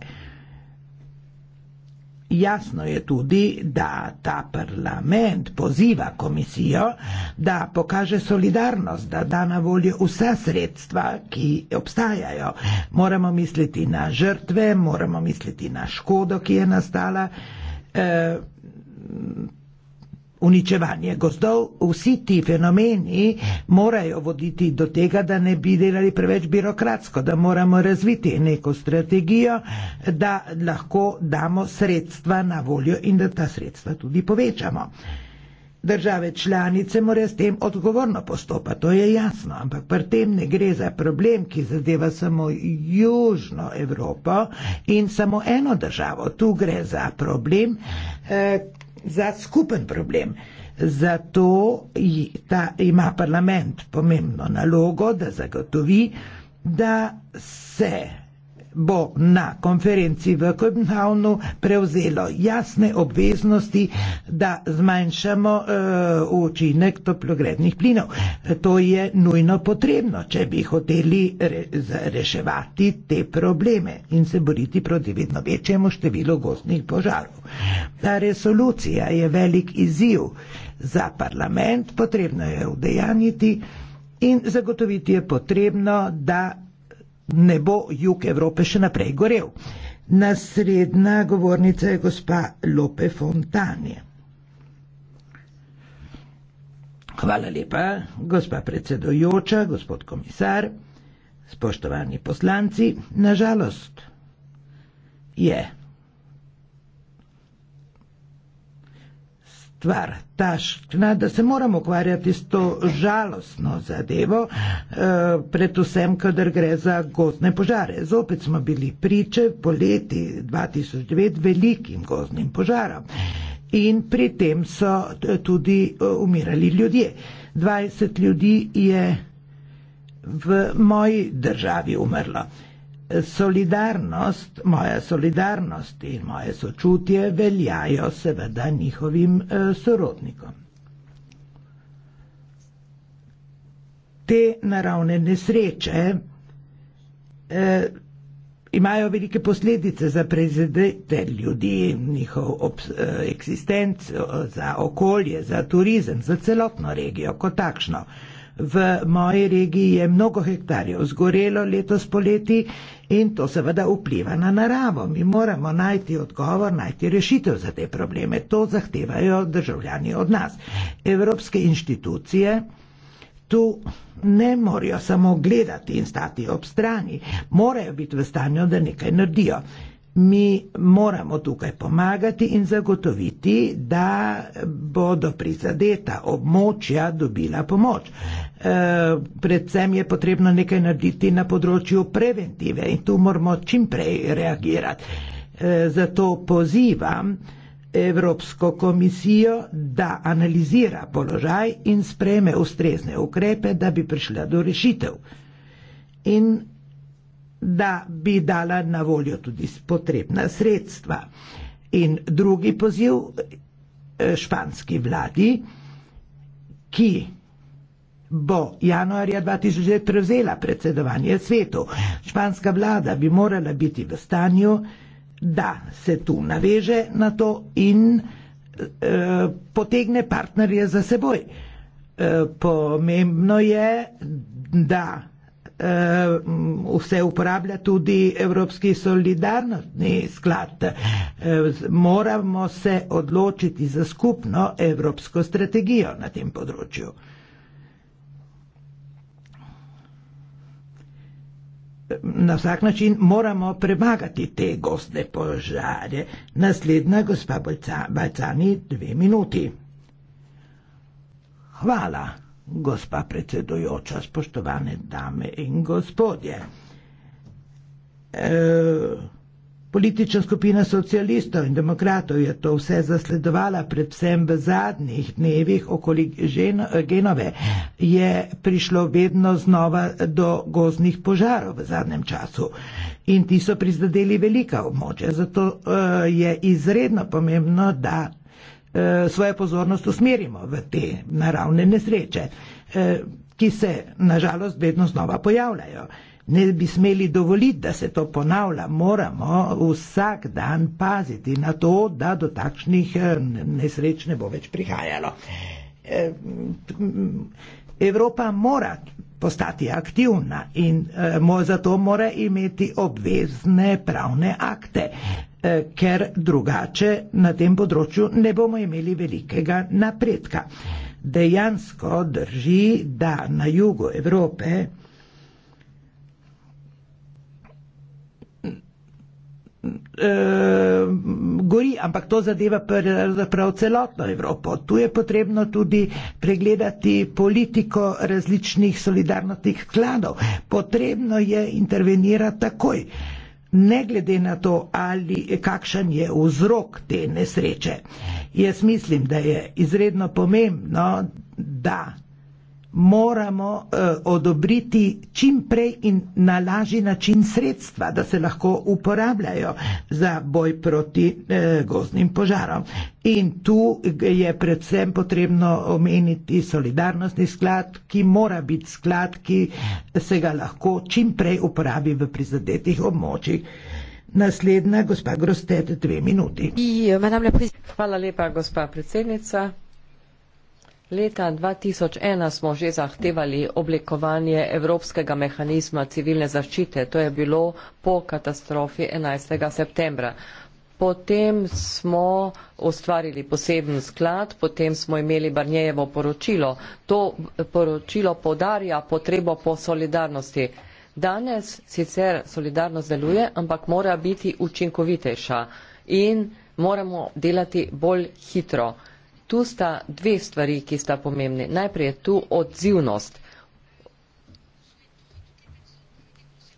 Jasno je tudi, da ta parlament poziva komisijo, da pokaže solidarnost, da da na voljo vsa sredstva, ki obstajajo. Moramo misliti na žrtve, moramo misliti na škodo, ki je nastala. E, uničevanje gozdov, vsi ti fenomeni morajo voditi do tega, da ne bi delali preveč birokratsko, da moramo razviti neko strategijo, da lahko damo sredstva na voljo in da ta sredstva tudi povečamo. Države članice morajo s tem odgovorno postopati, to je jasno, ampak pri tem ne gre za problem, ki zadeva samo Južno Evropo in samo eno državo. Tu gre za problem, eh, za skupen problem. Zato ta, ima parlament pomembno nalogo, da zagotovi, da se bo na konferenci v Kopenhavnu prevzelo jasne obveznosti, da zmanjšamo uh, učinek toplogrednih plinov. To je nujno potrebno, če bi hoteli re reševati te probleme in se boriti proti vedno večjemu številu gostnih požarov. Ta resolucija je velik izziv za parlament, potrebno je udejaniti in zagotoviti je potrebno, da ne bo jug Evrope še naprej gorel. Naslednja govornica je gospa Lope Fontanje. Hvala lepa, gospa predsedojoča, gospod komisar, spoštovani poslanci, nažalost je. Yeah. stvar, taškna, da se moramo ukvarjati s to žalostno zadevo, eh, predvsem, kadar gre za gozne požare. Zopet smo bili priče po leti 2009 velikim goznim požarom in pri tem so eh, tudi eh, umirali ljudje. 20 ljudi je v moji državi umrlo. Solidarnost, moja solidarnost in moje sočutje veljajo seveda njihovim eh, sorodnikom. Te naravne nesreče eh, imajo velike posledice za prizadete ljudi, njihov obs, eh, eksistenco, za okolje, za turizem, za celotno regijo kot takšno. Eh, v moji regiji je mnogo hektarjev zgorelo letos poleti in to seveda vpliva na naravo. Mi moramo najti odgovor, najti rešitev za te probleme. To zahtevajo državljani od nas. Evropske inštitucije tu ne morajo samo gledati in stati ob strani, morajo biti v stanju, da nekaj naredijo. Mi moramo tukaj pomagati in zagotoviti, da bodo prizadeta območja dobila pomoč. Eh, predvsem je potrebno nekaj narediti na področju preventive in tu moramo čim prej reagirati. Eh, zato pozivam Evropsko komisijo, da analizira položaj in spreme ustrezne ukrepe, da bi prišla do rešitev in da bi dala na voljo tudi potrebna sredstva. In drugi poziv eh, španski vladi, ki bo januarja 2009 prevzela predsedovanje svetu. Španska vlada bi morala biti v stanju, da se tu naveže na to in e, potegne partnerje za seboj. E, pomembno je, da e, vse uporablja tudi Evropski solidarnostni sklad. E, moramo se odločiti za skupno evropsko strategijo na tem področju. Na vsak način moramo premagati te gozdne požare. Naslednja gospa Balcani, dve minuti. Hvala, gospa predsedujoča, spoštovane dame in gospodje. E Politična skupina socialistov in demokratov je to vse zasledovala, predvsem v zadnjih dnevih okoli Genove je prišlo vedno znova do gozdnih požarov v zadnjem času in ti so prizadeli velika območja. Zato eh, je izredno pomembno, da eh, svojo pozornost usmerimo v te naravne nesreče, eh, ki se nažalost vedno znova pojavljajo. Ne bi smeli dovoliti, da se to ponavlja. Moramo vsak dan paziti na to, da do takšnih eh, nesreč ne bo več prihajalo. Eh, Evropa mora postati aktivna in eh, zato mora imeti obvezne pravne akte, ker drugače na tem področju ne bomo imeli velikega napredka. Dejansko drži, da na jugu Evrope Eh, gori, ampak to zadeva pravzaprav celotno Evropo. Tu je potrebno tudi pregledati politiko različnih solidarnostnih skladov. Potrebno je intervenirati takoj, ne glede na to, ali, kakšen je vzrok te nesreče. Jaz mislim, da je izredno pomembno, da moramo eh, odobriti čim prej in na lažji način sredstva, da se lahko uporabljajo za boj proti eh, gozdnim požarom. In tu je predvsem potrebno omeniti solidarnostni sklad, ki mora biti sklad, ki se ga lahko čim prej uporabi v prizadetih območjih. Naslednja, gospa Grostet, dve minuti. Ja, Hvala lepa, gospa predsednica. Leta 2001 smo že zahtevali oblikovanje Evropskega mehanizma civilne zaščite, to je bilo po katastrofi 11. septembra. Potem smo ustvarili poseben sklad, potem smo imeli Barnjejevo poročilo. To poročilo podarja potrebo po solidarnosti. Danes sicer solidarnost deluje, ampak mora biti učinkovitejša in moramo delati bolj hitro tu sta dve stvari, ki sta pomembni. Najprej je tu odzivnost.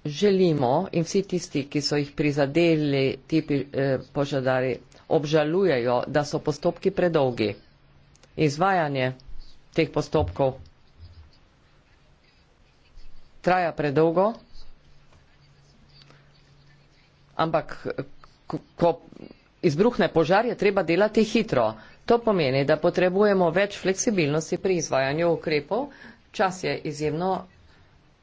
Želimo in vsi tisti, ki so jih prizadeli ti eh, požadari, obžalujejo, da so postopki predolgi. Izvajanje teh postopkov traja predolgo, ampak ko izbruhne požar, je treba delati hitro. To pomeni, da potrebujemo več fleksibilnosti pri izvajanju ukrepov, čas je izjemno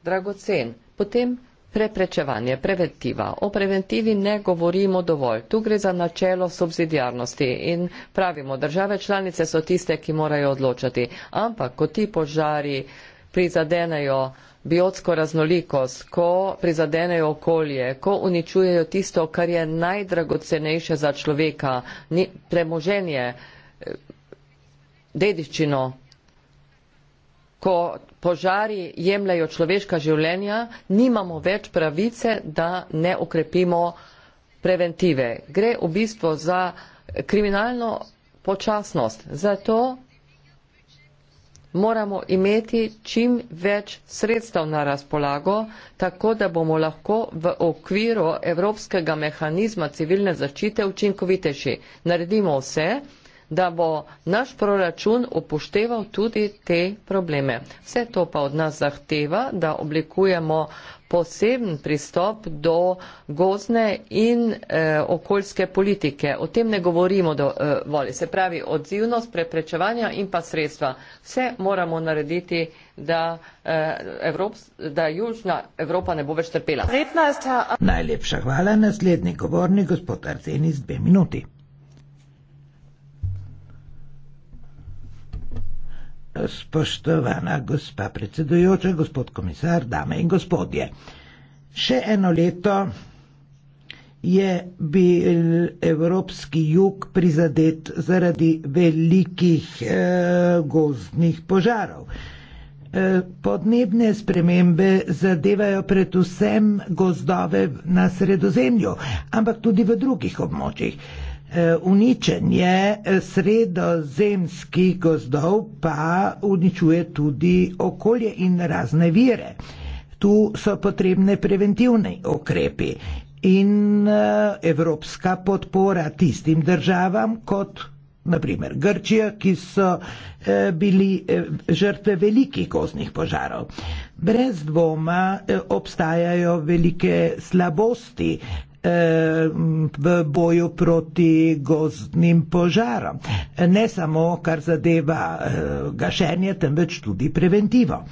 dragocen. Potem preprečevanje, preventiva. O preventivi ne govorimo dovolj. Tu gre za načelo subsidijarnosti in pravimo, države članice so tiste, ki morajo odločati. Ampak, ko ti požari prizadenejo biotsko raznolikost, ko prizadenejo okolje, ko uničujejo tisto, kar je najdragocenejše za človeka, premoženje, dediščino. Ko požari jemljajo človeška življenja, nimamo več pravice, da ne ukrepimo preventive. Gre v bistvu za kriminalno počasnost. Zato moramo imeti čim več sredstev na razpolago, tako da bomo lahko v okviru evropskega mehanizma civilne zaščite učinkovitejši. Naredimo vse, da bo naš proračun upošteval tudi te probleme. Vse to pa od nas zahteva, da oblikujemo poseben pristop do gozne in e, okoljske politike. O tem ne govorimo dovolj. Eh, e, Se pravi, odzivnost, preprečevanja in pa sredstva. Vse moramo narediti, da, e, Evrop, da Južna Evropa ne bo več trpela. Najlepša hvala. Naslednji govornik, gospod Arsenij, z dve minuti. Spoštovana gospa predsedujoča, gospod komisar, dame in gospodje. Še eno leto je bil evropski jug prizadet zaradi velikih e, gozdnih požarov. E, podnebne spremembe zadevajo predvsem gozdove na sredozemlju, ampak tudi v drugih območjih. Eh, Uničenje eh, sredozemskih gozdov pa uničuje tudi okolje in razne vire. Tu so potrebne preventivne okrepi in eh, evropska podpora tistim državam kot naprimer Grčija, ki so bili žrtve velikih gozdnih požarov. Brez dvoma obstajajo velike slabosti v boju proti gozdnim požarom. Ne samo, kar zadeva eh, gašenje, temveč tudi preventivo.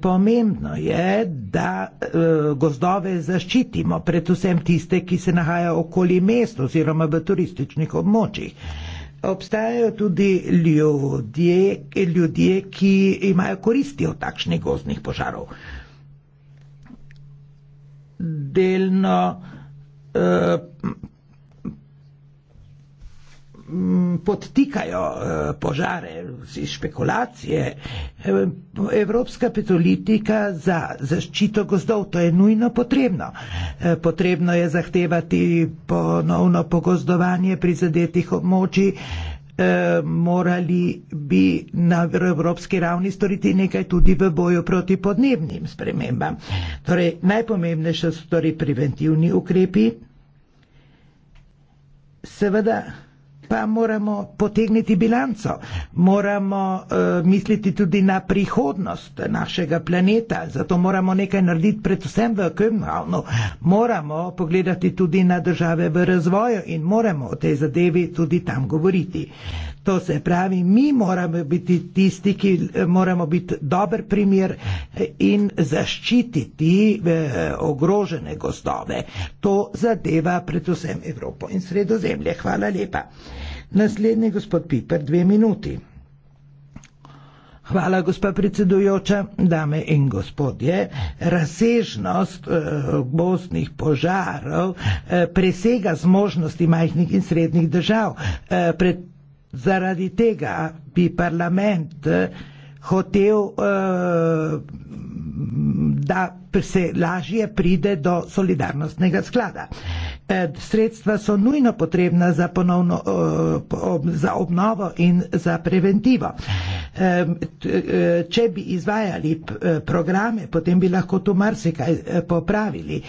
Pomembno je, da eh, gozdove zaščitimo, predvsem tiste, ki se nahajajo okoli mest oziroma v turističnih območjih. Obstajajo tudi ljudje, ljudje, ki imajo koristi od takšnih gozdnih požarov. Delno Eh, podtikajo eh, požare, špekulacije. Eh, evropska petolitika za zaščito gozdov, to je nujno potrebno. Potrebno je zahtevati ponovno pogozdovanje prizadetih območij. Eh, morali bi na evropski ravni storiti nekaj tudi v boju proti podnebnim spremembam. Torej, najpomembnejše so torej preventivni ukrepi. Seveda, pa moramo potegniti bilanco, moramo uh, misliti tudi na prihodnost našega planeta, zato moramo nekaj narediti predvsem v Kömnhavnu, moramo pogledati tudi na države v razvoju in moramo o tej zadevi tudi tam govoriti. To se pravi, mi moramo biti tisti, ki eh, moramo biti dober primer eh, in zaščititi ogrožene gozdove. To zadeva predvsem Evropo in sredozemlje. Hvala lepa. Naslednji gospod Piper, dve minuti. Hvala, gospa predsedujoča, dame in gospodje. Razsežnost eh, bosnih požarov eh, presega zmožnosti majhnih in srednjih držav. Eh, pred, zaradi tega bi parlament eh, hotel, eh, da se lažje pride do solidarnostnega sklada. Eh, sredstva so nujno potrebna za, ponovno, eh, za obnovo in za preventivo. Eh, če bi izvajali eh, programe, potem bi lahko tu marsikaj popravili.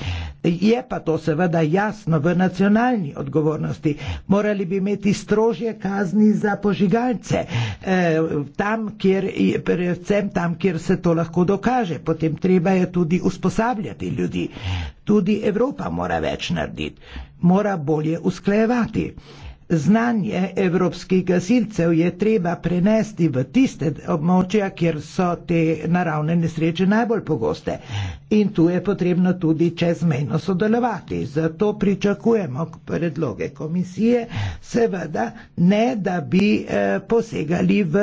Je pa to seveda jasno v nacionalni odgovornosti. Morali bi imeti strožje kazni za požigalce, eh, tam, kjer, predvsem tam, kjer se to lahko dokaže. Potem treba je tudi usposabljati ljudi. Tudi Evropa mora več narediti, mora bolje usklejevati. Znanje evropskih gasilcev je treba prenesti v tiste območja, kjer so te naravne nesreče najbolj pogoste. In tu je potrebno tudi čezmejno sodelovati. Zato pričakujemo predloge komisije, seveda ne, da bi eh, posegali v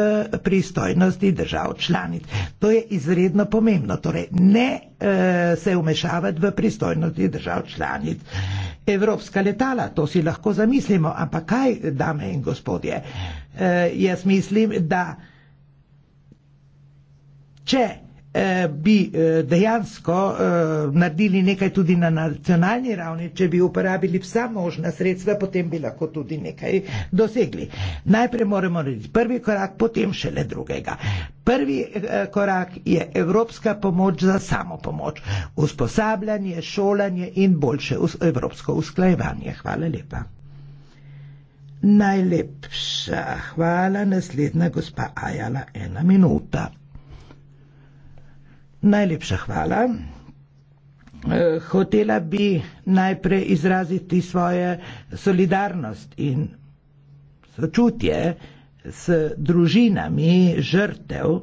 pristojnosti držav članic. To je izredno pomembno, torej ne eh, se vmešavati v pristojnosti držav članic evropska letala, to si lahko zamislimo, ampak kaj, dame in gospodje, e, jaz mislim, da če Eh, bi eh, dejansko eh, naredili nekaj tudi na nacionalni ravni, če bi uporabili vsa možna sredstva, potem bi lahko tudi nekaj dosegli. Najprej moramo narediti prvi korak, potem šele drugega. Prvi korak je evropska pomoč za samo pomoč, usposabljanje, šolanje in boljše evropsko usklajevanje. Hvala lepa. Najlepša hvala, naslednja gospa Ajala, ena minuta. Najlepša hvala. Eh, hotela bi najprej izraziti svoje solidarnost in sočutje s družinami žrtev.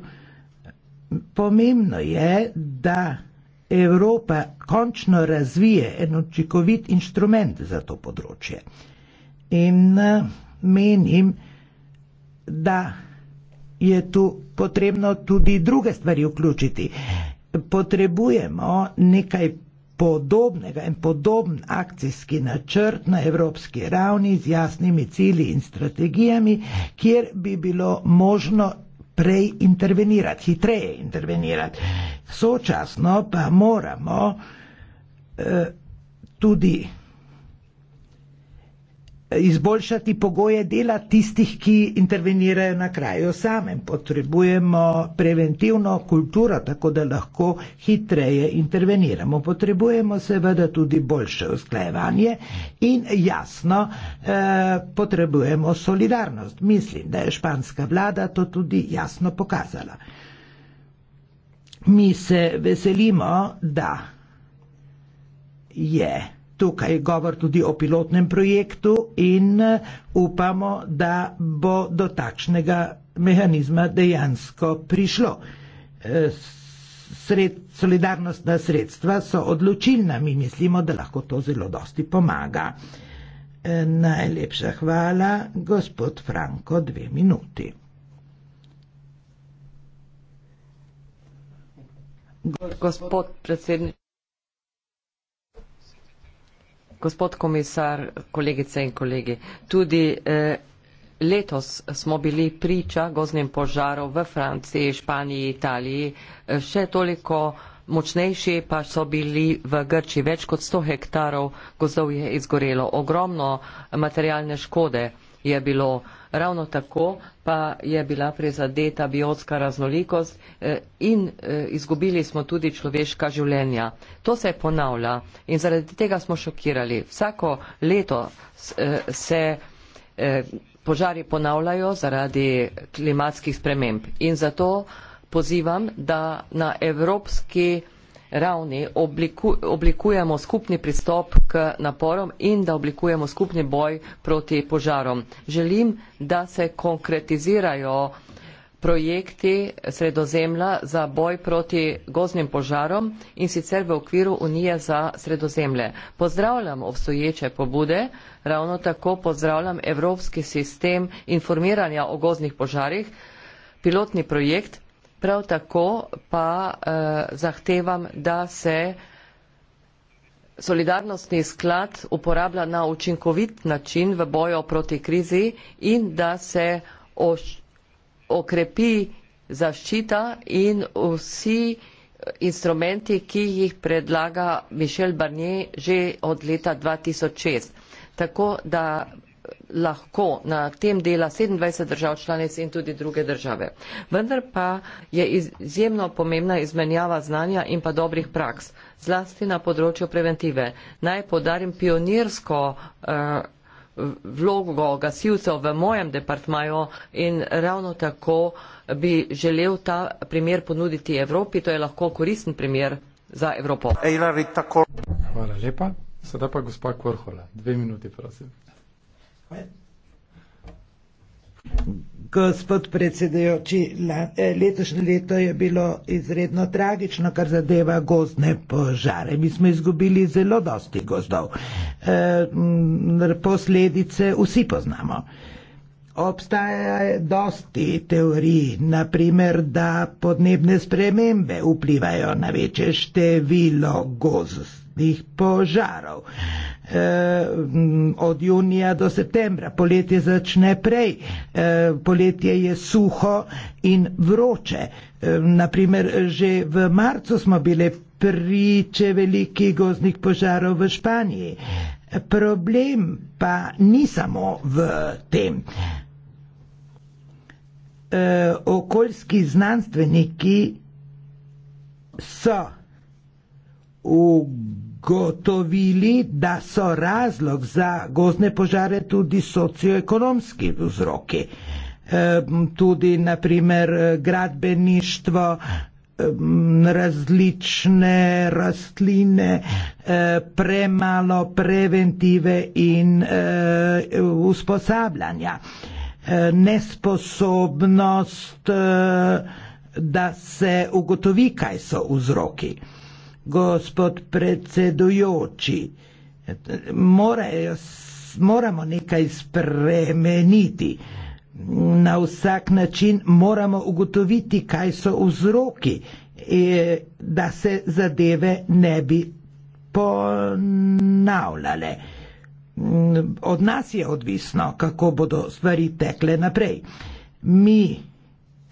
Pomembno je, da Evropa končno razvije en očikovit inštrument za to področje. In eh, menim, da je tu potrebno tudi druge stvari vključiti. Potrebujemo nekaj podobnega in podoben akcijski načrt na evropski ravni z jasnimi cilji in strategijami, kjer bi bilo možno prej intervenirati, hitreje intervenirati. Sočasno pa moramo eh, tudi izboljšati pogoje dela tistih, ki intervenirajo na kraju samem. Potrebujemo preventivno kulturo, tako da lahko hitreje interveniramo. Potrebujemo seveda tudi boljše usklajevanje in jasno eh, potrebujemo solidarnost. Mislim, da je španska vlada to tudi jasno pokazala. Mi se veselimo, da je yeah. Tukaj je govor tudi o pilotnem projektu in eh, upamo, da bo do takšnega mehanizma dejansko prišlo. Eh, sred, solidarnostna sredstva so odločilna, mi mislimo, da lahko to zelo dosti pomaga. Eh, najlepša hvala, gospod Franko, dve minuti. Gospod predsednik. Gospod komisar, kolegice in kolegi, tudi eh, letos smo bili priča goznim požarov v Franciji, Španiji, Italiji, eh, še toliko močnejši pa so bili v Grči. Več kot 100 hektarov gozdov je izgorelo. Ogromno materialne škode je bilo. Ravno tako pa je bila prizadeta biotska raznolikost eh, in eh, izgubili smo tudi človeška življenja. To se je ponavlja in zaradi tega smo šokirali. Vsako leto eh, se požari ponavljajo zaradi klimatskih sprememb in zato pozivam, da na evropski ravni obliku, oblikujemo skupni pristop k naporom in da oblikujemo skupni boj proti požarom. Želim, da se konkretizirajo projekti sredozemlja za boj proti gozdnim požarom in sicer v okviru Unije za sredozemlje. Pozdravljam obstoječe pobude, ravno tako pozdravljam Evropski sistem informiranja o gozdnih požarih, pilotni projekt, Prav tako pa eh, zahtevam, da se solidarnostni sklad uporablja na učinkovit način v boju proti krizi in da se oš, okrepi zaščita in vsi instrumenti, ki jih predlaga Mišel Barnier že od leta 2006. Tako da lahko na tem dela 27 držav članic in tudi druge države. Vendar pa je izjemno pomembna izmenjava znanja in pa dobrih praks, zlasti na področju preventive. Naj podarim pionirsko eh, vlogo gasilcev v mojem departmaju in ravno tako bi želel ta primer ponuditi Evropi, to je lahko koristen primer za Evropo. Hvala lepa. Sedaj pa gospa Korhola. Dve minuti, prosim. Gospod predsedujoči, eh, letošnje leto je bilo izredno tragično, kar zadeva gozdne požare. Mi smo izgubili zelo dosti gozdov. Eh, posledice vsi poznamo. Obstaja dosti teorij, naprimer, da podnebne spremembe vplivajo na večje število gozd lepih požarov. E, mm, od junija do septembra, poletje začne prej, e, poletje je suho in vroče. E, naprimer, že v marcu smo bile priče velikih gozdnih požarov v Španiji. Problem pa ni samo v tem. E, okoljski znanstveniki so v ugotovili, da so razlog za gozne požare tudi socioekonomski vzroki. Tudi, naprimer, gradbeništvo, različne rastline, e, premalo preventive in e, usposabljanja, e, nesposobnost, da se ugotovi, kaj so vzroki gospod predsedujoči, morajo, moramo nekaj spremeniti. Na vsak način moramo ugotoviti, kaj so vzroki, e, da se zadeve ne bi ponavljale. Od nas je odvisno, kako bodo stvari tekle naprej. Mi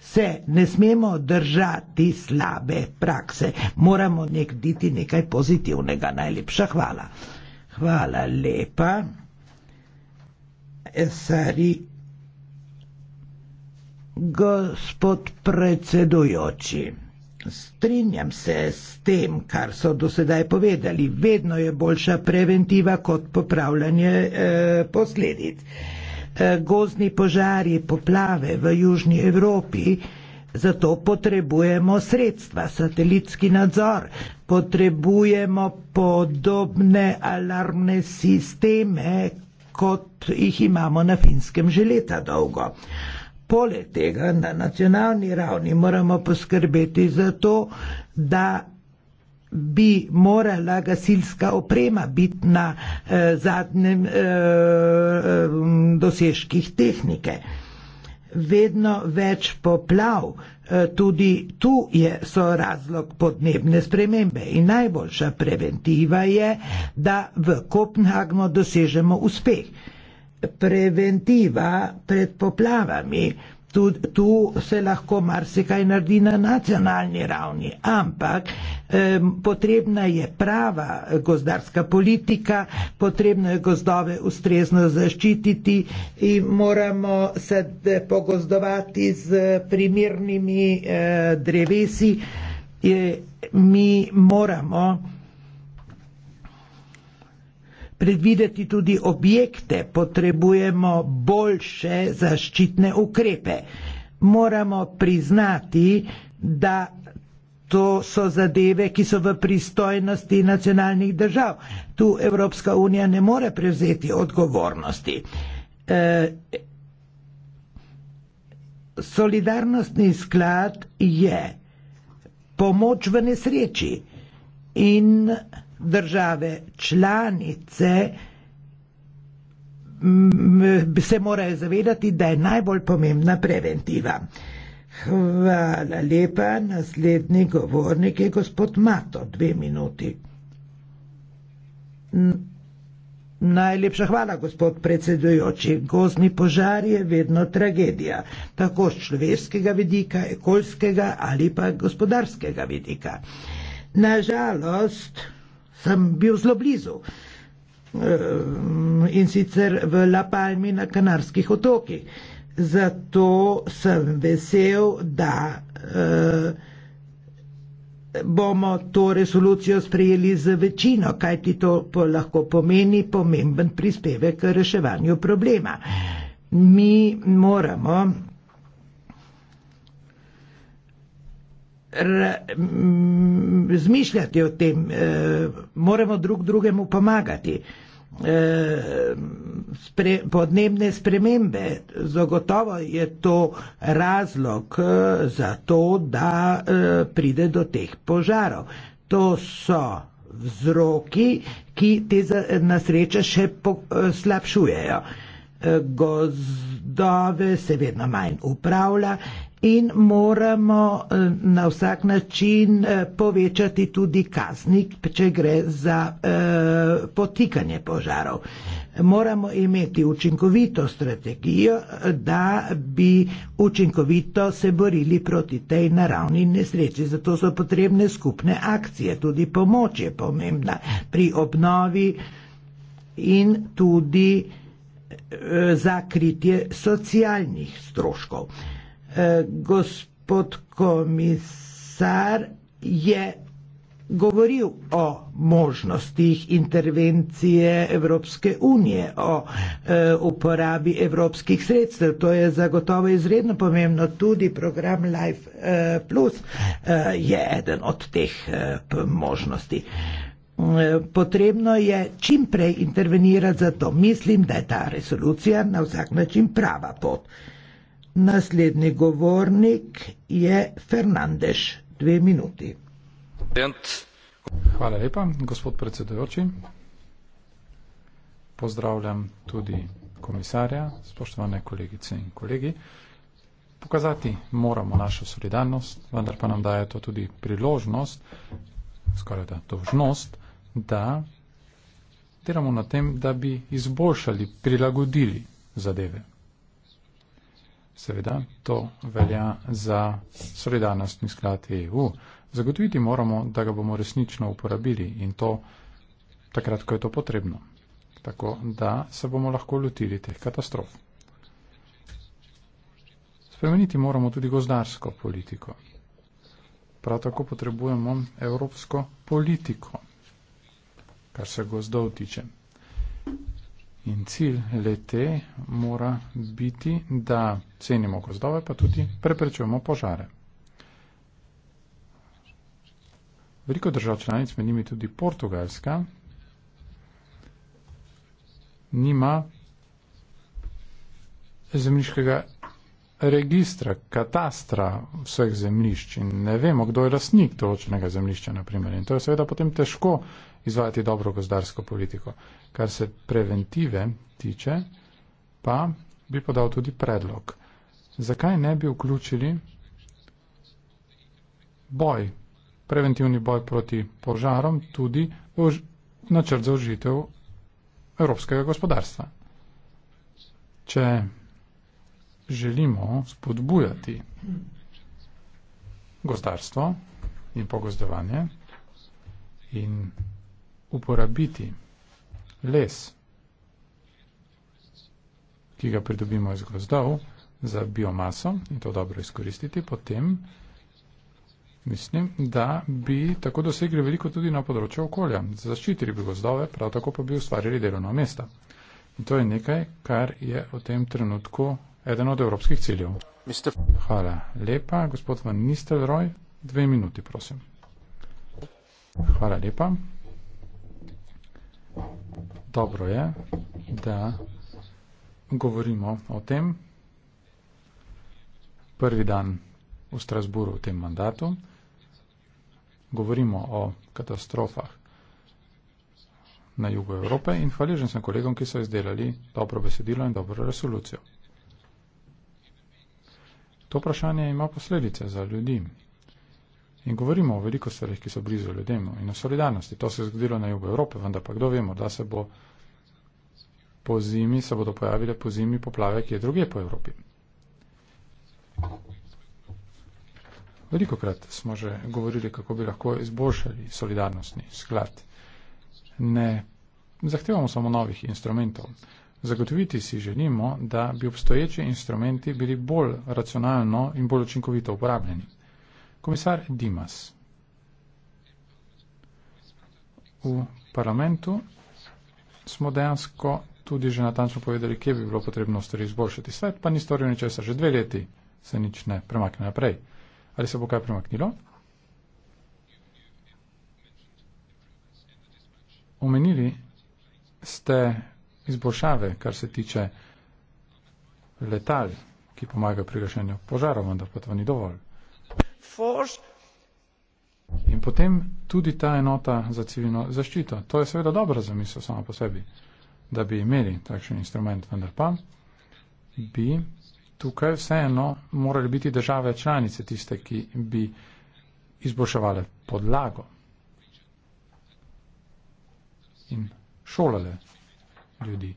se ne smemo držati slabe prakse, moramo narediti nekaj pozitivnega. Najlepša hvala. Hvala lepa. Sari. Gospod predsedujoči, strinjam se s tem, kar so do sedaj povedali. Vedno je boljša preventiva kot popravljanje eh, posledic. Eh, Eh, gozni požari, poplave v Južni Evropi. Zato potrebujemo sredstva, satelitski nadzor, potrebujemo podobne alarmne sisteme, kot jih imamo na finskem že leta dolgo. Poleg tega na nacionalni ravni moramo poskrbeti za to, da bi morala gasilska oprema biti na eh, zadnjem eh, eh dosežkih tehnike. Vedno več poplav, eh, tudi tu je, so razlog podnebne spremembe in najboljša preventiva je, da v Kopenhagno dosežemo uspeh. Preventiva pred poplavami Tud, tu se lahko marsikaj naredi na nacionalni ravni, ampak eh, potrebna je prava gozdarska politika, potrebno je gozdove ustrezno zaščititi in moramo se pogozdovati z primernimi eh, drevesi. Eh, mi moramo eh, predvideti tudi objekte, potrebujemo boljše zaščitne ukrepe. Moramo priznati, da to so zadeve, ki so v pristojnosti nacionalnih držav. Tu Evropska unija ne more prevzeti odgovornosti. E, solidarnostni sklad je pomoč v nesreči in države članice se morajo zavedati, da je najbolj pomembna preventiva. Hvala lepa, naslednji govornik je gospod Mato, dve minuti. Najlepša hvala, gospod predsedujoči. Gozni požar je vedno tragedija, tako z človeškega vidika, ekolskega ali pa gospodarskega vidika. Nažalost, sem bil zelo blizu. Eh, in sicer v La Palmi na Kanarskih otokih. Zato sem vesel, da eh, bomo to resolucijo sprejeli z večino, kaj ti to lahko pomeni pomemben prispevek k reševanju problema. Mi moramo razmišljati o tem, e, moramo drug drugemu pomagati. E, spre, podnebne spremembe, zagotovo je to razlog e, za to, da e, pride do teh požarov. To so vzroki, ki te nasreče še po, e, slabšujejo. E, gozdove se vedno manj upravlja in moramo eh, na vsak način eh, povečati tudi kazni, če gre za eh, potikanje požarov. Moramo imeti učinkovito strategijo, da bi učinkovito se borili proti tej naravni nesreči. Zato so potrebne skupne akcije, tudi pomoč je pomembna pri obnovi in tudi zakritje socialnih stroškov. Eh, gospod komisar je govoril o možnostih intervencije Evropske unije, o e, uporabi evropskih sredstev. To je zagotovo izredno pomembno. Tudi program Life e, Plus e, je eden od teh e, možnosti. Potrebno je čim prej intervenirati za to. Mislim, da je ta resolucija na vsak način prava pot. E, Naslednji govornik je Fernandeš, dve minuti. Hvala lepa, gospod predsedujoči. Pozdravljam tudi komisarja, spoštovane kolegice in kolegi. Pokazati moramo našo solidarnost, vendar pa nam daje to tudi priložnost, skoraj da dožnost, da delamo na tem, da bi izboljšali, prilagodili zadeve. Seveda, to velja za solidarnostni sklad EU. Zagotoviti moramo, da ga bomo resnično uporabili in to takrat, ko je to potrebno. Tako da se bomo lahko lotili teh katastrof. Spremeniti moramo tudi gozdarsko politiko. Prav tako potrebujemo evropsko politiko, kar se gozdov tiče. In cilj lete mora biti, da cenimo gozdove, pa tudi preprečujemo požare. Veliko držav članic, med njimi tudi Portugalska, nima zemljiškega registra, katastra vseh zemljišč in ne vemo, kdo je lasnik določenega zemljišča, naprimer. In to je seveda potem težko izvajati dobro gozdarsko politiko. Kar se preventive tiče, pa bi podal tudi predlog. Zakaj ne bi vključili boj, preventivni boj proti požarom, tudi v načrt za užitev evropskega gospodarstva? Če želimo spodbujati gozdarstvo in pogozdovanje in uporabiti les, ki ga pridobimo iz gozdov, za biomaso in to dobro izkoristiti, potem mislim, da bi tako dosegli veliko tudi na področju okolja. Zaščitili bi gozdove, prav tako pa bi ustvarili delovno mesto. In to je nekaj, kar je v tem trenutku eden od evropskih ciljev. Mister. Hvala lepa, gospod Van Nistelrooy. Dve minuti, prosim. Hvala lepa dobro je, da govorimo o tem. Prvi dan v Strasburu v tem mandatu. Govorimo o katastrofah na jugu Evrope in hvaležen sem kolegom, ki so izdelali dobro besedilo in dobro resolucijo. To vprašanje ima posledice za ljudi. In govorimo o veliko stvarih, ki so blizu ljudem in o solidarnosti. To se je zgodilo na jugu Evrope, vendar pa kdo vemo, da se bo po zimi, se bodo pojavile po zimi poplave, ki je druge po Evropi. Veliko krat smo že govorili, kako bi lahko izboljšali solidarnostni sklad. Ne zahtevamo samo novih instrumentov. Zagotoviti si želimo, da bi obstoječi instrumenti bili bolj racionalno in bolj učinkovito uporabljeni. Komisar Dimas. V parlamentu smo dejansko tudi že natančno povedali, kje bi bilo potrebno stvari izboljšati. Svet pa ni storil ničesar. Že dve leti se nič ne premakne naprej. Ali se bo kaj premaknilo? Omenili ste izboljšave, kar se tiče letal, ki pomagajo pri gašenju požarov, vendar pa to ni dovolj. In potem tudi ta enota za civilno zaščito. To je seveda dobra zamisel sama po sebi, da bi imeli takšen instrument, vendar pa bi tukaj vseeno morali biti države članice tiste, ki bi izboljševale podlago in šolale ljudi.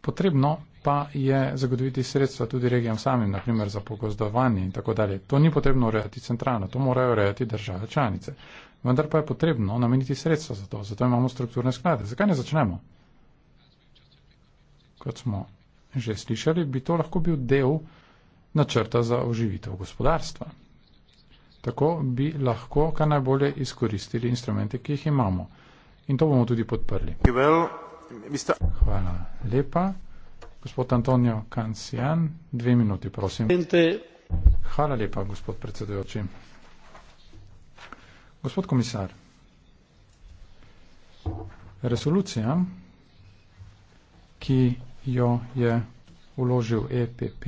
Potrebno pa je zagotoviti sredstva tudi regijam samim, naprimer za pogozdovanje in tako dalje. To ni potrebno urejati centralno, to morajo urejati države članice. Vendar pa je potrebno nameniti sredstva za to, zato imamo strukturne sklade. Zakaj ne začnemo? Kot smo že slišali, bi to lahko bil del načrta za oživitev gospodarstva. Tako bi lahko kar najbolje izkoristili instrumente, ki jih imamo. In to bomo tudi podprli. Hvala lepa. Gospod Antonijo Kansijan, dve minuti, prosim. Hvala lepa, gospod predsedujoči. Gospod komisar, resolucija, ki jo je uložil EPP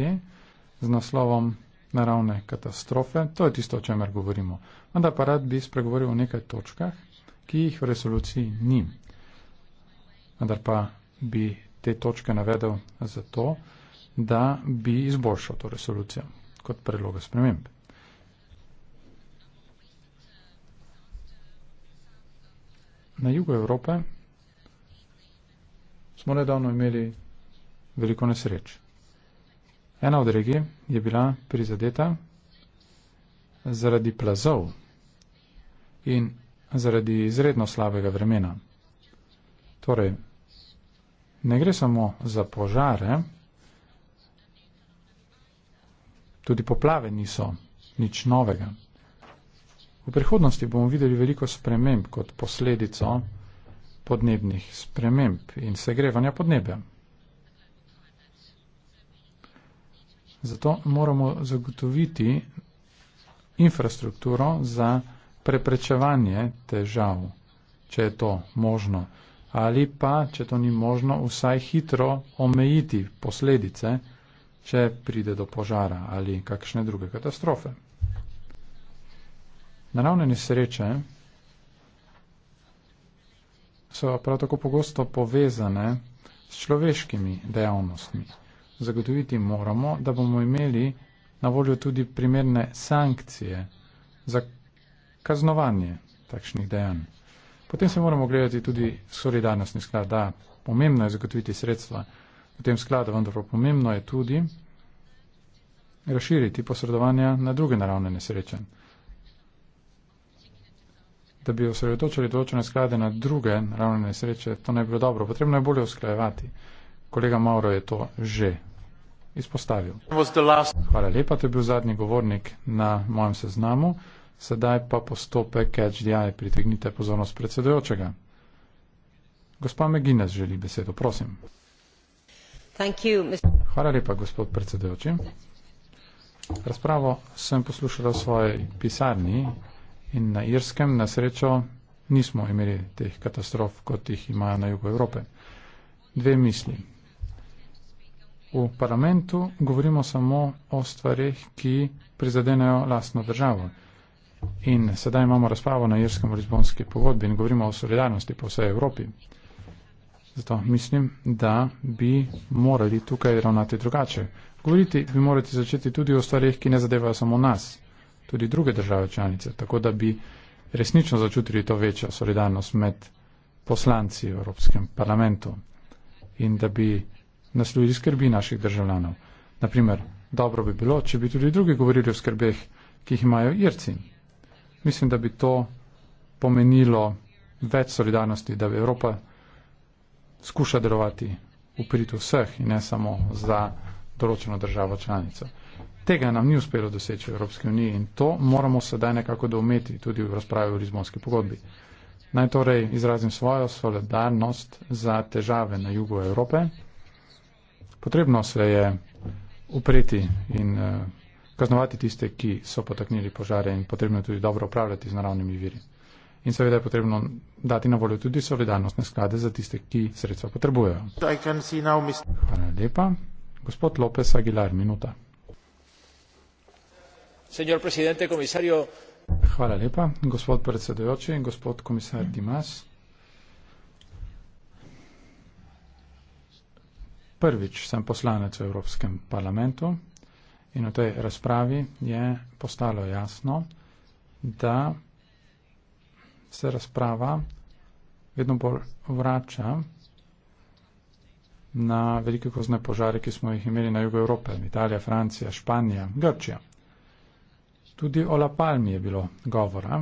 z naslovom naravne katastrofe, to je tisto, o čemer govorimo. Vendar pa rad bi spregovoril o nekaj točkah, ki jih v resoluciji ni. Vendar pa bi te točke navedel zato, da bi izboljšal to resolucijo kot predloga sprememb. Na jugu Evrope smo nedavno imeli veliko nesreč. Ena od regij je bila prizadeta zaradi plazov in zaradi izredno slabega vremena. Torej, ne gre samo za požare, tudi poplave niso nič novega. V prihodnosti bomo videli veliko sprememb kot posledico podnebnih sprememb in segrevanja podnebja. Zato moramo zagotoviti infrastrukturo za preprečevanje težav, če je to možno ali pa, če to ni možno, vsaj hitro omejiti posledice, če pride do požara ali kakšne druge katastrofe. Naravne nesreče so prav tako pogosto povezane s človeškimi dejavnostmi. Zagotoviti moramo, da bomo imeli na voljo tudi primerne sankcije za kaznovanje takšnih dejanj. Potem se moramo gledati tudi solidarnostni sklad. Da, pomembno je zagotoviti sredstva v tem skladu, vendar pa pomembno je tudi razširiti posredovanja na druge naravne nesreče. Da bi osredotočili določene sklade na druge naravne nesreče, to ne bi bilo dobro. Potrebno je bolje usklajevati. Kolega Mauro je to že izpostavil. Hvala lepa, to je bil zadnji govornik na mojem seznamu. Sedaj pa postopek Catch the Eye. Pritegnite pozornost predsedojočega. Gospa Megines želi besedo, prosim. You, Hvala lepa, gospod predsedojoči. Razpravo sem poslušala v svoji pisarni in na Irskem na srečo nismo imeli teh katastrof, kot jih imajo na jugu Evrope. Dve misli. V parlamentu govorimo samo o stvarih, ki prizadenejo lastno državo. In sedaj imamo razpravo na Irskem o Lizbonski pogodbi in govorimo o solidarnosti po vsej Evropi. Zato mislim, da bi morali tukaj ravnati drugače. Govoriti bi morali začeti tudi o stvarih, ki ne zadevajo samo nas, tudi druge države članice, tako da bi resnično začutili to večjo solidarnost med poslanci v Evropskem parlamentu in da bi naslovili skrbi naših državljanov. Naprimer, dobro bi bilo, če bi tudi drugi govorili o skrbeh, ki jih imajo Irci mislim, da bi to pomenilo več solidarnosti, da bi Evropa skuša delovati v prid vseh in ne samo za določeno državo članico. Tega nam ni uspelo doseči v Evropski uniji in to moramo sedaj nekako doumeti tudi v razpravi o Lizbonski pogodbi. Naj torej izrazim svojo solidarnost za težave na jugu Evrope. Potrebno se je upreti in uh, kaznovati tiste, ki so potaknili požare in potrebno je tudi dobro upravljati z naravnimi viri. In seveda je potrebno dati na voljo tudi solidarnostne sklade za tiste, ki sredstva potrebujejo. Hvala lepa. Gospod Lopes Aguilar, minuta. Hvala lepa, gospod predsedujoči, gospod komisar Dimas. Prvič sem poslanec v Evropskem parlamentu. In v tej razpravi je postalo jasno, da se razprava vedno bolj vrača na velike kozne požare, ki smo jih imeli na jugu Evrope, Italija, Francija, Španija, Grčija. Tudi o La Palmi je bilo govora.